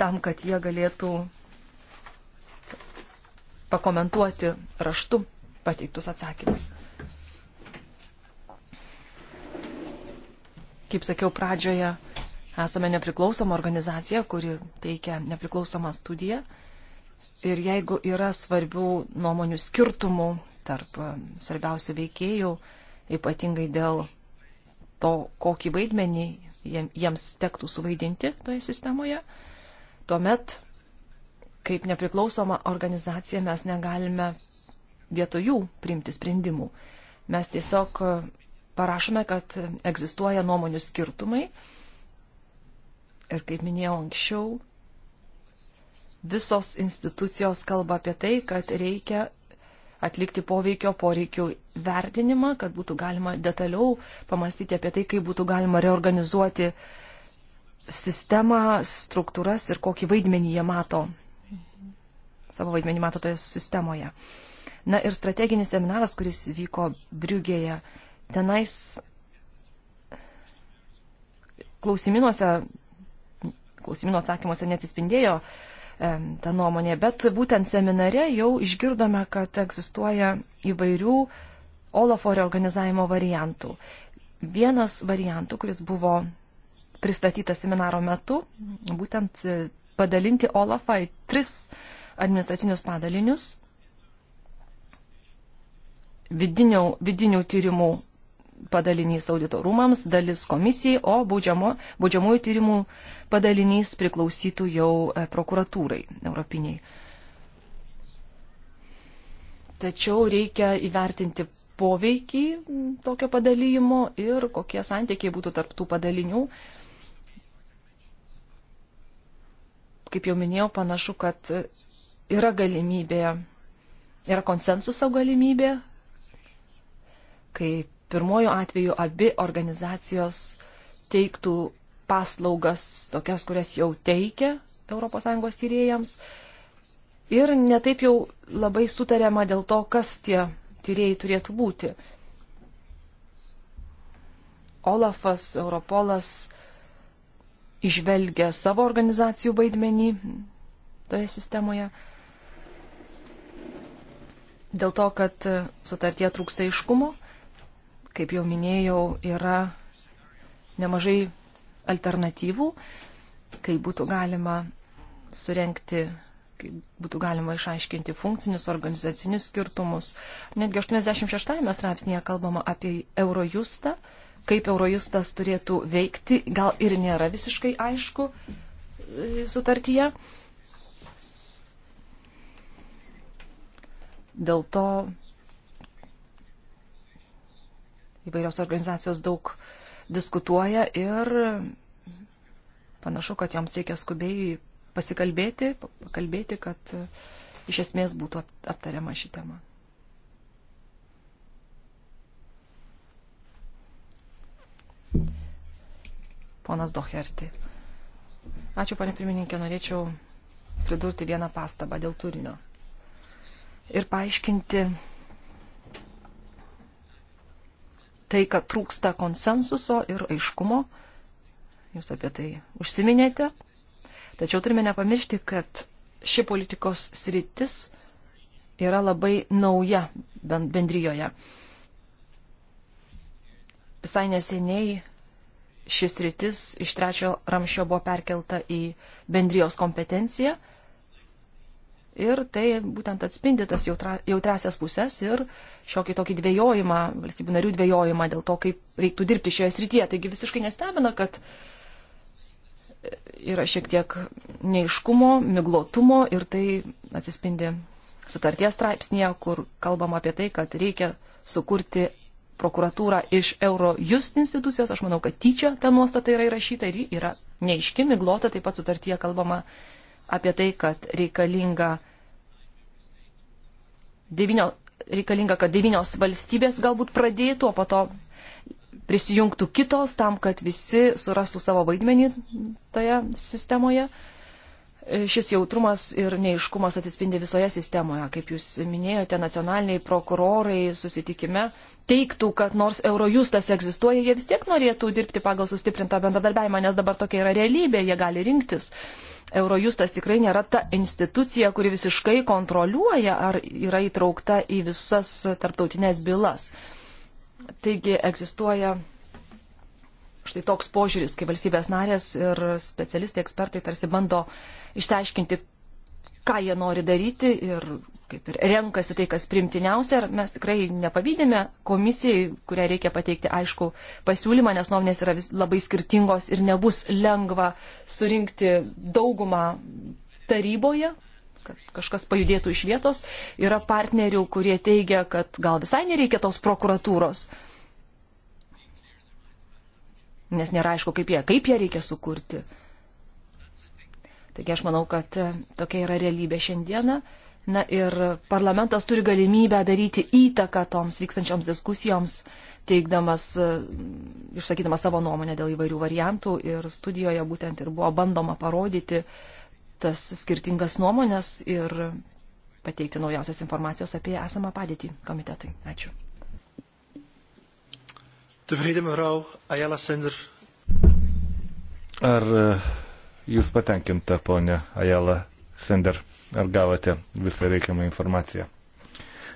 tam, kad jie galėtų pakomentuoti raštu pateiktus atsakymus. Kaip sakiau pradžioje, esame nepriklausoma organizacija, kuri teikia nepriklausomą studiją Ir jeigu yra svarbių nuomonių skirtumų tarp e, svarbiausių veikėjų, ypatingai dėl to, kokį vaidmenį jiems tektų suvaidinti toje sistemoje, tuomet kaip nepriklausoma organizacija mes negalime vietoj jų priimti sprendimų. Mes tiesiog e, parašome, kad egzistuoja nuomonių skirtumai. Ir kaip minėjau anksčiau, visos institucijos kalba apie tai, kad reikia atlikti poveikio poreikių vertinimą, kad būtų galima detaliau pamastyti apie tai, kaip būtų galima reorganizuoti sistemą, struktūras ir kokį vaidmenį jie mato, savo vaidmenį mato toje sistemoje. Na ir strateginis seminaras, kuris vyko Briugėje, tenais klausiminuose, klausimino atsakymuose neatsispindėjo tą nuomonę, bet būtent seminare jau išgirdome, kad egzistuoja įvairių Olafo reorganizavimo variantų. Vienas variantų, kuris buvo pristatytas seminaro metu, būtent e, padalinti Olafą į tris administracinius padalinius vidinių, vidinių tyrimų padalinys auditorumams, dalis komisijai, o baudžiamo, baudžiamųjų tyrimų padalinys priklausytų jau e, prokuratūrai europiniai. Tačiau reikia įvertinti poveikį tokio padalymo ir kokie santykiai būtų tarptų padalinių. Kaip jau minėjau, panašu, kad yra galimybė, yra konsensuso galimybė, kai pirmojų atveju abi organizacijos teiktų paslaugas, tokias, kurias jau teikia ES tyrėjams. Ir netaip jau labai sutariama dėl to, kas tie tyrėjai turėtų būti. Olafas, Europolas išvelgia savo organizacijų vaidmenį toje sistemoje. Dėl to, kad sutartie trūksta iškumo kaip jau minėjau, yra nemažai alternatyvų, kai būtų galima surenkti būtų galima išaiškinti funkcinius, organizacinius skirtumus. Netgi 86 straipsnėje kalbama apie Eurojustą, kaip Eurojustas turėtų veikti, gal ir nėra visiškai aišku e, sutartyje. Dėl to Įvairios organizacijos daug diskutuoja ir panašu, kad joms reikia skubiai pasikalbėti, pakalbėti, kad iš esmės būtų aptariama ši tema. Ponas Doherty. Ačiū, panė pirmininkė, norėčiau pridurti vieną pastabą dėl turinio ir paaiškinti tai, kad trūksta konsensuso ir aiškumo. Jūs apie tai užsiminėte. Tačiau turime nepamiršti, kad ši politikos sritis yra labai nauja bendryjoje. Visai neseniai šis rytis iš trečio ramščio buvo perkelta į bendrijos kompetenciją Ir tai būtent atspindi tas jautra, jautrasias pusės ir šiokį tokį dvėjojimą, valstybių narių dvėjojimą dėl to, kaip reiktų dirbti šioje srityje. Taigi visiškai nestebina, kad yra šiek tiek neiškumo, miglotumo ir tai atsispindi sutarties straipsnėje, kur kalbam apie tai, kad reikia sukurti prokuratūrą iš Eurojust institucijos. Aš manau, kad tyčia ta nuostata yra įrašyta ir ji yra neiški, miglota, taip pat sutartyje kalbama apie tai, kad reikalinga, devynio, reikalinga, kad devynios valstybės galbūt pradėtų, o po to prisijungtų kitos tam, kad visi surastų savo vaidmenį toje sistemoje. Šis jautrumas ir neiškumas atsispindi visoje sistemoje. Kaip jūs minėjote, nacionaliniai prokurorai susitikime teiktų, kad nors Eurojustas egzistuoja, jie vis tiek norėtų dirbti pagal sustiprintą bendradarbiavimą, nes dabar tokia yra realybė, jie gali rinktis. Uh, Eurojustas tikrai nėra ta institucija, kuri visiškai kontroliuoja ar yra įtraukta į visas tarptautinės bylas. Taigi egzistuoja štai toks požiūris, kai valstybės narės ir specialistai, ekspertai tarsi bando išsiaiškinti, ką jie nori daryti ir kaip ir renkasi tai, kas primtiniausia. Ir mes tikrai nepavydėme komisijai, kuriai reikia pateikti aišku pasiūlymą, nes nuomonės yra vis, labai skirtingos ir nebus lengva surinkti daugumą taryboje kad kažkas pajudėtų iš vietos. Yra partnerių, kurie teigia, kad gal visai nereikia tos prokuratūros, nes nėra aišku, kaip ją, kaip ją reikia sukurti. Taigi aš manau, kad e, tokia yra realybė šiandieną. Na ir parlamentas turi galimybę daryti įtaką toms vykstančioms diskusijoms, teikdamas, e, išsakydamas savo nuomonę dėl įvairių variantų ir studijoje būtent ir buvo bandoma parodyti tas skirtingas nuomonės ir pateikti naujausios informacijos apie esamą padėtį komitetui. Ačiū. Tevrede mevrouw Ayala Sender. Ar e, jūs patenkinta, ponė Ajala Sender? Ar gavote visą reikiamą informaciją?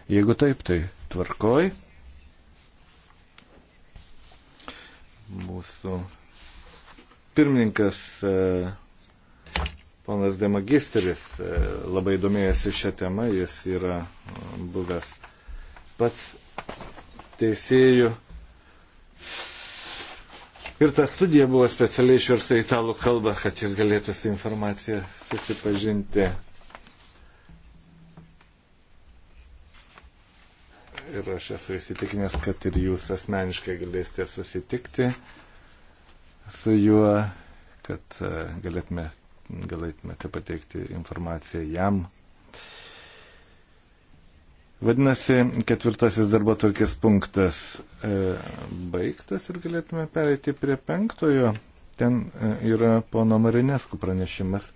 Jeigu taip, tai tvarkoj. Mūsų pirmininkas e, ponas Demagisteris e, labai domėjasi šią temą, jis yra e, buvęs pats teisėjų Ir ta studija buvo specialiai išversta į italų kalbą, kad jis galėtų su informacija susipažinti. Ir aš esu įsitikinęs, kad ir jūs asmeniškai galėsite susitikti su juo, kad e, galėtume, galėtumėte pateikti informaciją jam. Uh, Vadinasi, ketvirtasis darbo tvarkės punktas e, baigtas ir galėtume pereiti prie penktojo. Ten e, yra pono Marinesku pranešimas.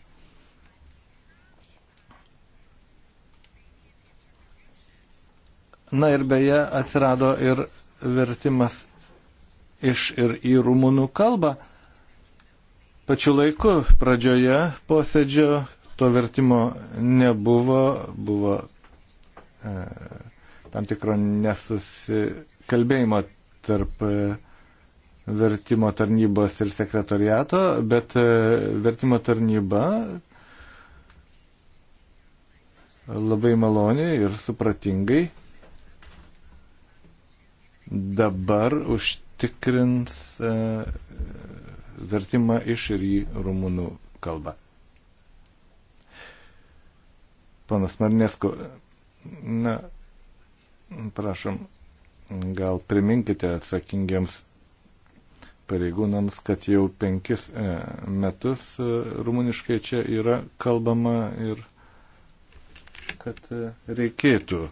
Na ir beje, atsirado ir vertimas iš ir į rumunų kalbą. Pačiu laiku pradžioje posėdžio to vertimo nebuvo, buvo E, tam tikro nesusikalbėjimo tarp e, vertimo tarnybos ir sekretoriato, bet e, vertimo tarnyba labai maloniai ir supratingai dabar užtikrins vertimą iš ir į rumunų kalbą. Panas Marnesko, Na, prašom, gal priminkite atsakingiems pareigūnams, kad jau penkis e, metus e, rumuniškai čia yra kalbama ir kad e, reikėtų,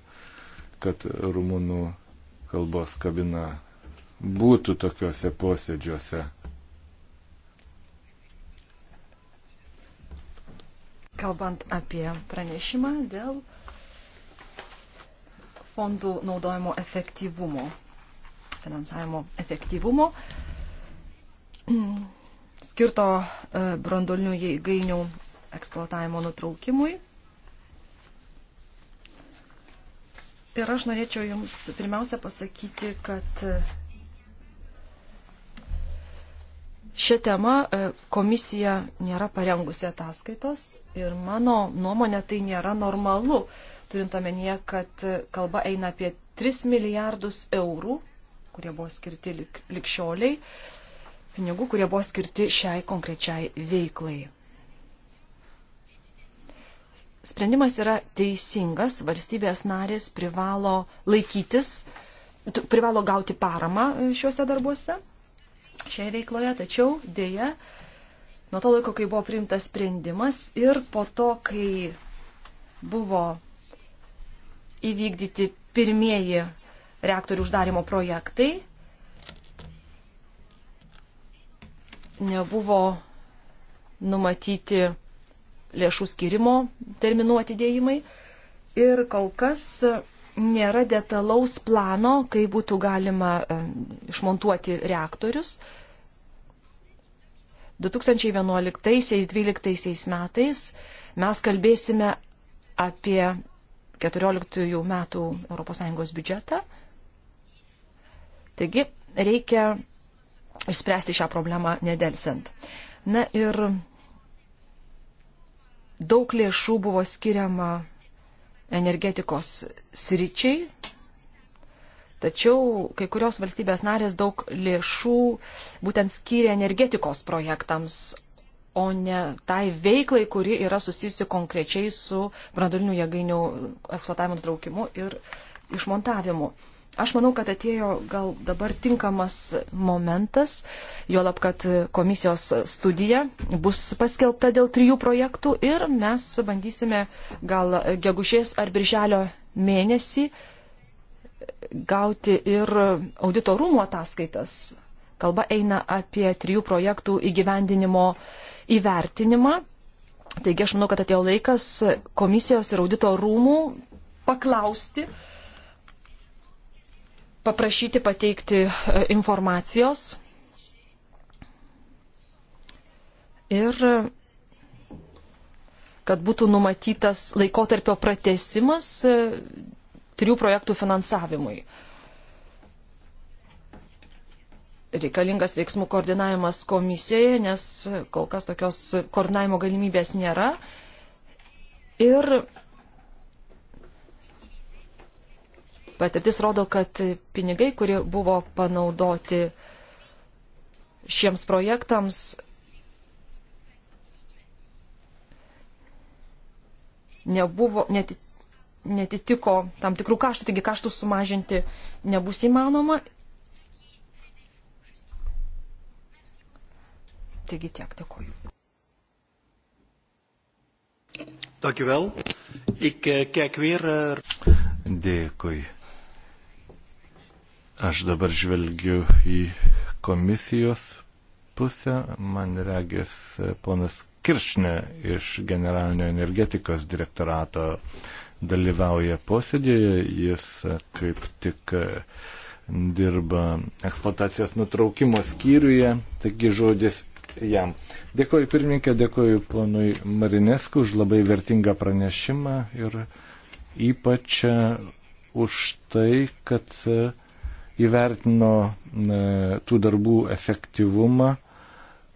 kad rumunų kalbos kabina būtų tokiuose posėdžiuose. Kalbant apie pranešimą dėl fondų naudojimo efektyvumo, finansavimo efektyvumo, skirto e, brandolinių jėgainių eksploatavimo nutraukimui. Ir aš norėčiau Jums pirmiausia pasakyti, kad e, Šią temą e, komisija nėra parengusi ataskaitos ir mano nuomonė tai nėra normalu, turint omenyje, kad kalba eina apie 3 milijardus eurų, kurie buvo skirti lik, likščioliai, pinigų, kurie buvo skirti šiai konkrečiai veiklai. Sprendimas yra teisingas, valstybės narės privalo laikytis, privalo gauti paramą šiuose darbuose, šioje veikloje, tačiau dėja, nuo to laiko, kai buvo priimtas sprendimas ir po to, kai buvo įvykdyti pirmieji reaktorių uždarimo projektai. Nebuvo numatyti lėšų skirimo terminų atidėjimai ir kol kas nėra detalaus plano, kaip būtų galima e, išmontuoti reaktorius. 2011-2012 metais mes kalbėsime apie 14 metų ES biudžetą. Taigi reikia išspręsti šią problemą nedelsiant. Na ir daug lėšų buvo skiriama energetikos sričiai, tačiau kai kurios valstybės narės daug lėšų būtent skyrė energetikos projektams, o ne tai veiklai, kuri yra susijusi konkrečiai su brandolinių jėgainių eksploatavimo traukimu ir išmontavimu. Aš manau, kad atėjo gal dabar tinkamas momentas, juolab, kad komisijos studija bus paskelbta dėl trijų projektų ir mes bandysime gal gegužės ar birželio mėnesį gauti ir audito rūmų ataskaitas Kalba eina apie trijų projektų įgyvendinimo įvertinimą. Taigi aš manau, kad atėjo laikas komisijos ir audito rūmų paklausti, paprašyti pateikti e, informacijos. Ir kad būtų numatytas laikotarpio pratesimas e, trijų projektų finansavimui reikalingas veiksmų koordinavimas komisijoje, nes kol kas tokios koordinavimo galimybės nėra. Ir patirtis rodo, kad pinigai, kurie buvo panaudoti šiems projektams, nebuvo, net, netitiko tam tikrų kaštų, taigi kaštų sumažinti nebus įmanoma Taigi tiek, dėkuoju. Dank u wel. Ik uh, kijk weer. Uh... Dėkui. Aš dabar žvelgiu į komisijos pusę. Man regis eh, ponas Kiršne iš Generalinio energetikos direktorato dalyvauja posėdėje. Jis kaip tik dirba eksploatacijos nutraukimo skyriuje. Taigi žodis jam. Dėkoju pirmininkė, dėkoju ponui Marinesku už labai vertingą pranešimą ir ypač e, už tai, kad e, įvertino e, tų darbų efektyvumą,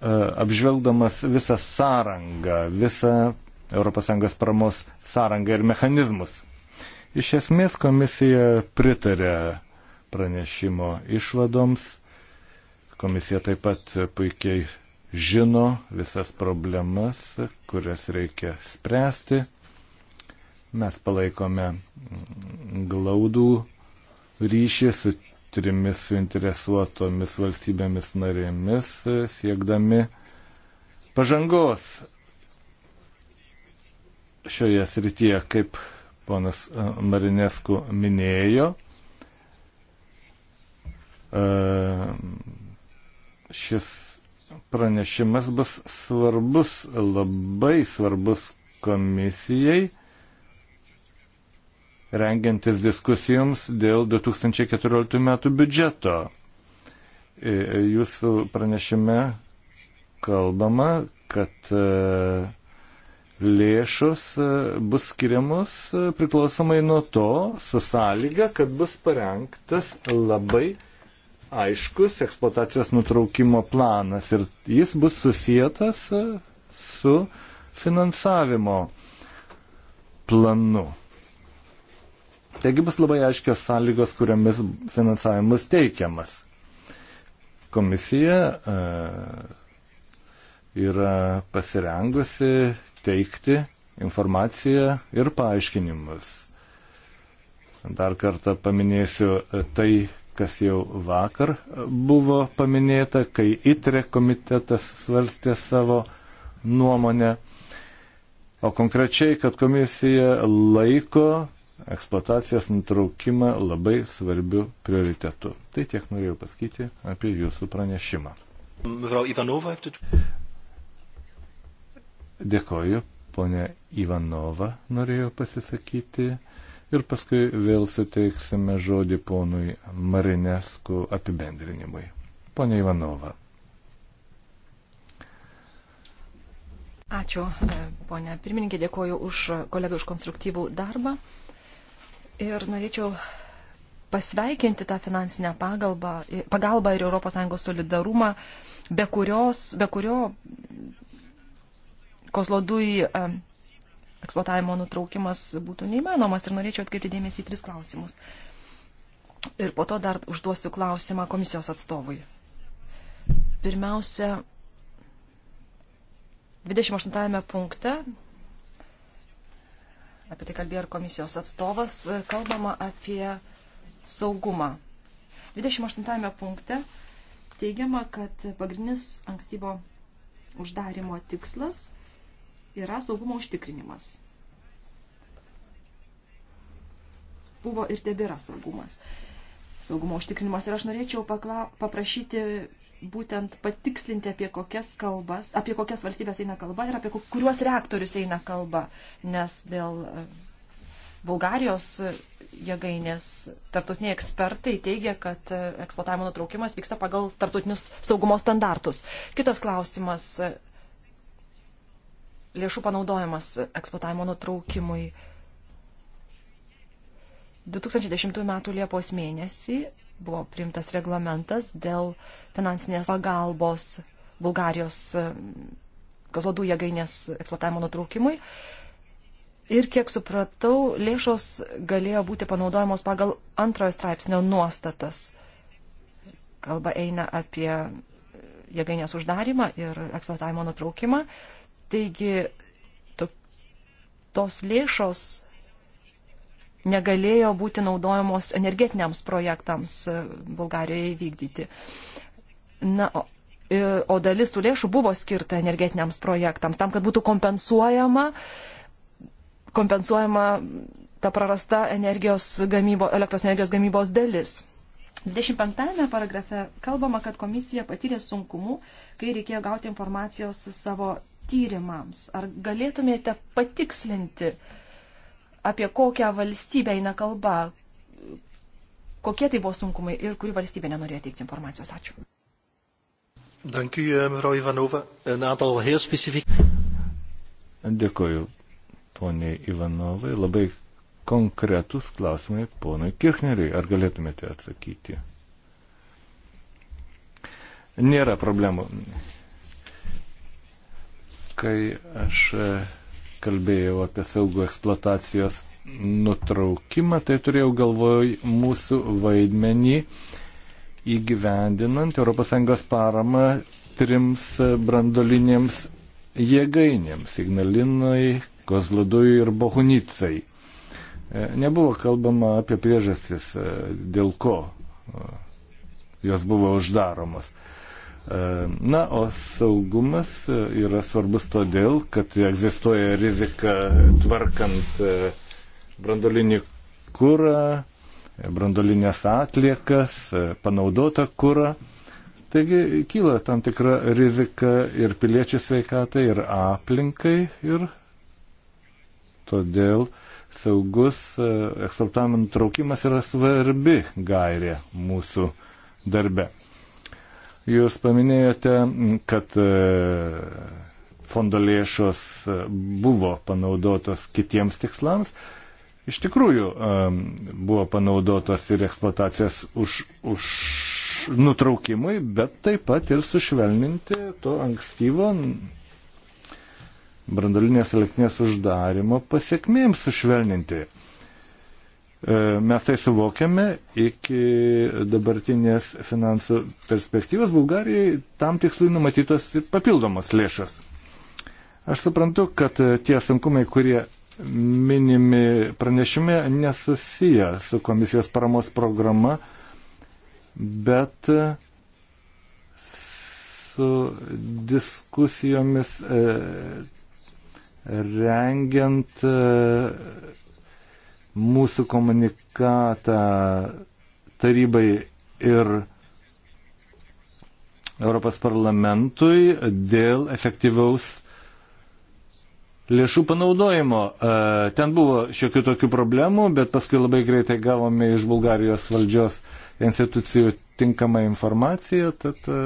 apžvelgdamas visą sąrangą, visą ES paramos sąrangą ir mechanizmus. Iš esmės komisija pritarė pranešimo išvadoms. Komisija taip pat puikiai žino visas problemas, kurias reikia spręsti. Mes palaikome glaudų ryšį su trimis suinteresuotomis valstybėmis narėmis, siekdami pažangos šioje srityje, kaip ponas e, Marinesku minėjo. E, šis pranešimas bus svarbus, labai svarbus komisijai, rengiantis diskusijoms dėl 2014 metų biudžeto. E, jūsų pranešime kalbama, kad e, lėšos e, bus skiriamos priklausomai nuo to, su sąlyga, kad bus parengtas labai aiškus eksploatacijos nutraukimo planas ir jis bus susijęs e, su finansavimo planu. Taigi bus labai aiškios sąlygos, kuriamis finansavimas teikiamas. Komisija e, yra pasirengusi teikti informaciją ir paaiškinimus. Dar kartą paminėsiu tai, kas jau vakar buvo paminėta, kai ITRE komitetas svarstė savo nuomonę. O konkrečiai, kad komisija laiko eksploatacijos nutraukimą labai svarbiu prioritetu. Tai tiek norėjau pasakyti apie jūsų pranešimą. Dėkoju, ponė Ivanova norėjo pasisakyti ir paskui vėl suteiksime žodį ponui Marinesku apibendrinimui. Pone Ivanova. Ačiū, e, ponė pirmininkė, dėkoju už kolegą už konstruktyvų darbą. Ir norėčiau pasveikinti tą finansinę pagalbą, pagalbą ir ES solidarumą, be, kurios, be kurio Kozlodui e, eksploatavimo nutraukimas būtų neįmanomas ir norėčiau atkreipti dėmesį į tris klausimus. Ir po to dar užduosiu klausimą komisijos atstovui. Pirmiausia, 28 punkte, apie tai kalbėjo ir komisijos atstovas, kalbama apie saugumą. 28 punkte teigiama, kad pagrindinis ankstyvo uždarimo tikslas yra saugumo užtikrinimas. buvo ir tebėra saugumas. Saugumo užtikrinimas. Ir aš norėčiau pakla, paprašyti būtent patikslinti, apie kokias, kalbas, apie kokias valstybės eina kalba ir apie kuriuos reaktorius eina kalba. Nes dėl e, Bulgarijos jėgainės tarptautiniai ekspertai teigia, kad e, eksploatavimo nutraukimas vyksta pagal tarptautinius saugumo standartus. Kitas klausimas e, - lėšų panaudojimas eksploatavimo nutraukimui 2010 m. Liepos mėnesį buvo priimtas reglamentas dėl finansinės pagalbos Bulgarijos kazlodų e, jėgainės eksploatavimo nutraukimui. Ir kiek supratau, lėšos galėjo būti panaudojamos pagal antrojo straipsnio nuostatas. Kalba eina apie jėgainės uždarimą ir eksploatavimo nutraukimą. Taigi to, tos lėšos negalėjo būti naudojamos energetiniams projektams e, Bulgarijoje įvykdyti. Na, o, e, o dalis tų lėšų buvo skirta energetiniams projektams, tam, kad būtų kompensuojama, kompensuojama ta prarasta energijos gamybo, elektros energijos gamybos dalis. 25 paragrafe kalbama, kad komisija patyrė sunkumų, kai reikėjo gauti informacijos savo tyrimams. Ar galėtumėte patikslinti, uh, apie kokią valstybę eina kalba, kokie tai buvo sunkumai ir kuri valstybė nenorėjo teikti informacijos. Ačiū. Dank u, mevrouw um, Ivanova. Een uh, aantal heel specifieke. Dėkoju, poniai Ivanovai. Labai konkretus klausimai ponui Kirchneriui. Ar galėtumėte atsakyti? Nėra problemų. Kai aš kalbėjau apie saugų eksploatacijos nutraukimą, tai turėjau galvoj mūsų vaidmenį įgyvendinant ES paramą trims brandolinėms jėgainėms - Ignalinai, Kozlodui ir Bohunicai. E, nebuvo kalbama apie priežastis, e, dėl ko e, jos buvo uždaromos. E, na, o saugumas e, yra svarbus todėl, kad egzistuoja rizika tvarkant e, brandolinį kūrą, brandolinės atliekas, panaudotą kūrą. Taigi kyla tam tikra rizika ir piliečių sveikatai, ir aplinkai, ir todėl saugus eksploatavimo nutraukimas yra svarbi gairė mūsų darbe. Jūs paminėjote, kad e, fondo lėšos e, buvo panaudotos kitiems tikslams. Iš tikrųjų, e, buvo panaudotos ir eksploatacijas už, už nutraukimui, bet taip pat ir sušvelninti to ankstyvo brandalinės elektrinės uždarimo pasiekmėms sušvelninti. E, mes tai suvokiame iki dabartinės finansų perspektyvos Bulgarijai tam tikslui numatytos ir papildomos lėšas. Aš suprantu, kad tie sunkumai, kurie minimi pranešime, nesusiję su komisijos paramos programa, bet su diskusijomis e, rengiant e, mūsų komunikatą tarybai ir Europos parlamentui dėl efektyvaus lėšų panaudojimo. E, ten buvo šiokių tokių problemų, bet paskui labai greitai gavome iš Bulgarijos valdžios institucijų tinkamą informaciją, tad e,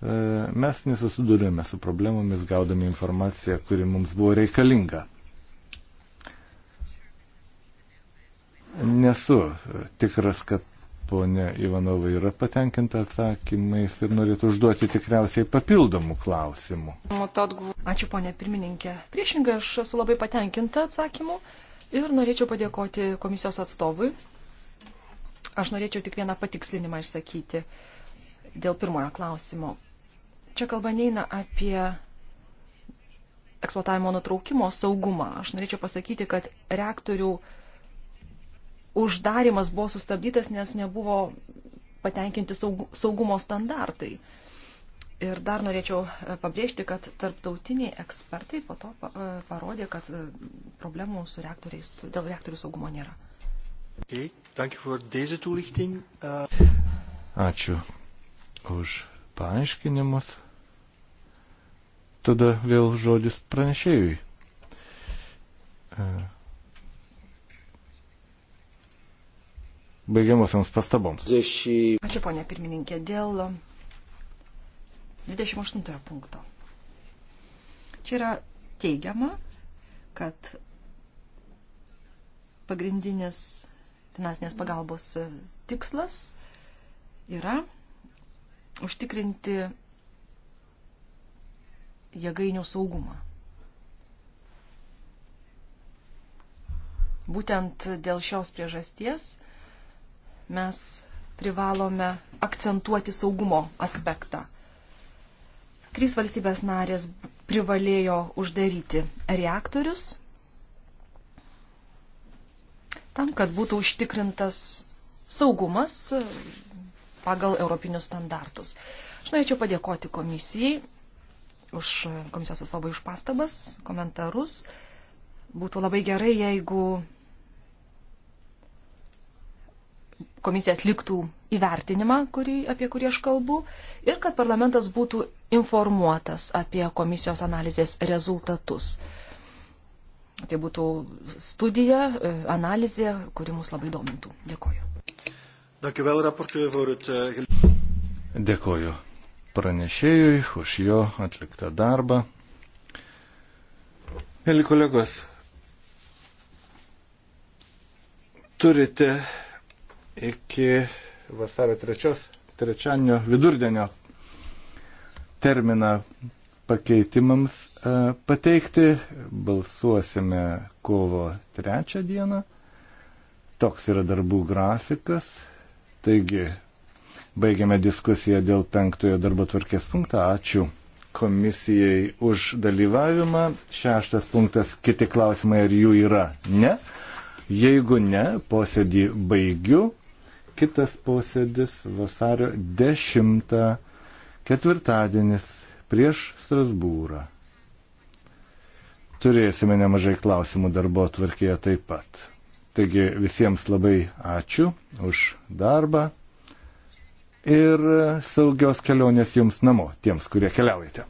e, mes nesusidurėme su problemomis, gaudami informaciją, kuri mums buvo reikalinga. Nesu tikras, kad ponė Ivanova yra patenkinta atsakymais ir norėtų užduoti tikriausiai papildomų klausimų. Ačiū, ponė pirmininkė. Priešingai, aš esu labai patenkinta atsakymu ir norėčiau padėkoti komisijos atstovui. Aš norėčiau tik vieną patikslinimą išsakyti dėl pirmojo klausimo. Čia kalba neina apie eksploatavimo nutraukimo saugumą. Aš norėčiau pasakyti, kad reaktorių uždarimas buvo sustabdytas, nes nebuvo patenkinti saugumo standartai. Ir dar norėčiau e, pabrėžti, kad tarptautiniai ekspertai po to e, parodė, kad e, problemų su reaktoriais, dėl reaktorių saugumo nėra. Okay. Uh, Ačiū už paaiškinimus. Tada vėl žodis pranešėjui. Uh. baigiamusiams pastaboms. Ačiū, ponė pirmininkė, dėl 28 punkto. Čia yra teigiama, kad pagrindinis finansinės pagalbos tikslas yra užtikrinti jėgainių saugumą. Būtent dėl šios priežasties mes privalome akcentuoti saugumo aspektą. Trys valstybės narės privalėjo uždaryti reaktorius tam, kad būtų užtikrintas saugumas pagal europinius standartus. Aš norėčiau padėkoti komisijai už komisijos atstovai už pastabas, komentarus. Būtų labai gerai, jeigu komisija atliktų įvertinimą, kurį, apie kurį aš kalbu, ir kad parlamentas būtų informuotas apie komisijos analizės rezultatus. Tai būtų studija, e, analizė, kuri mus labai domintų. Dėkoju. Eh, Dėkoju pranešėjui už jo atliktą darbą. Mėly kolegos, turite iki vasario 3, trečiadienio vidurdienio terminą pakeitimams e, pateikti. Balsuosime kovo 3 dieną. Toks yra darbų grafikas. Taigi, baigiame diskusiją dėl penktojo darbo tvarkės punkto. Ačiū komisijai už dalyvavimą. Šeštas punktas, kiti klausimai, ar jų yra? Ne. Jeigu ne, posėdį baigiu kitas posėdis vasario 10 ketvirtadienis prieš Strasbūrą. Turėsime nemažai klausimų darbo atvarkėje taip pat. Taigi visiems labai ačiū už darbą ir saugios kelionės jums namo, tiems, kurie keliaujate.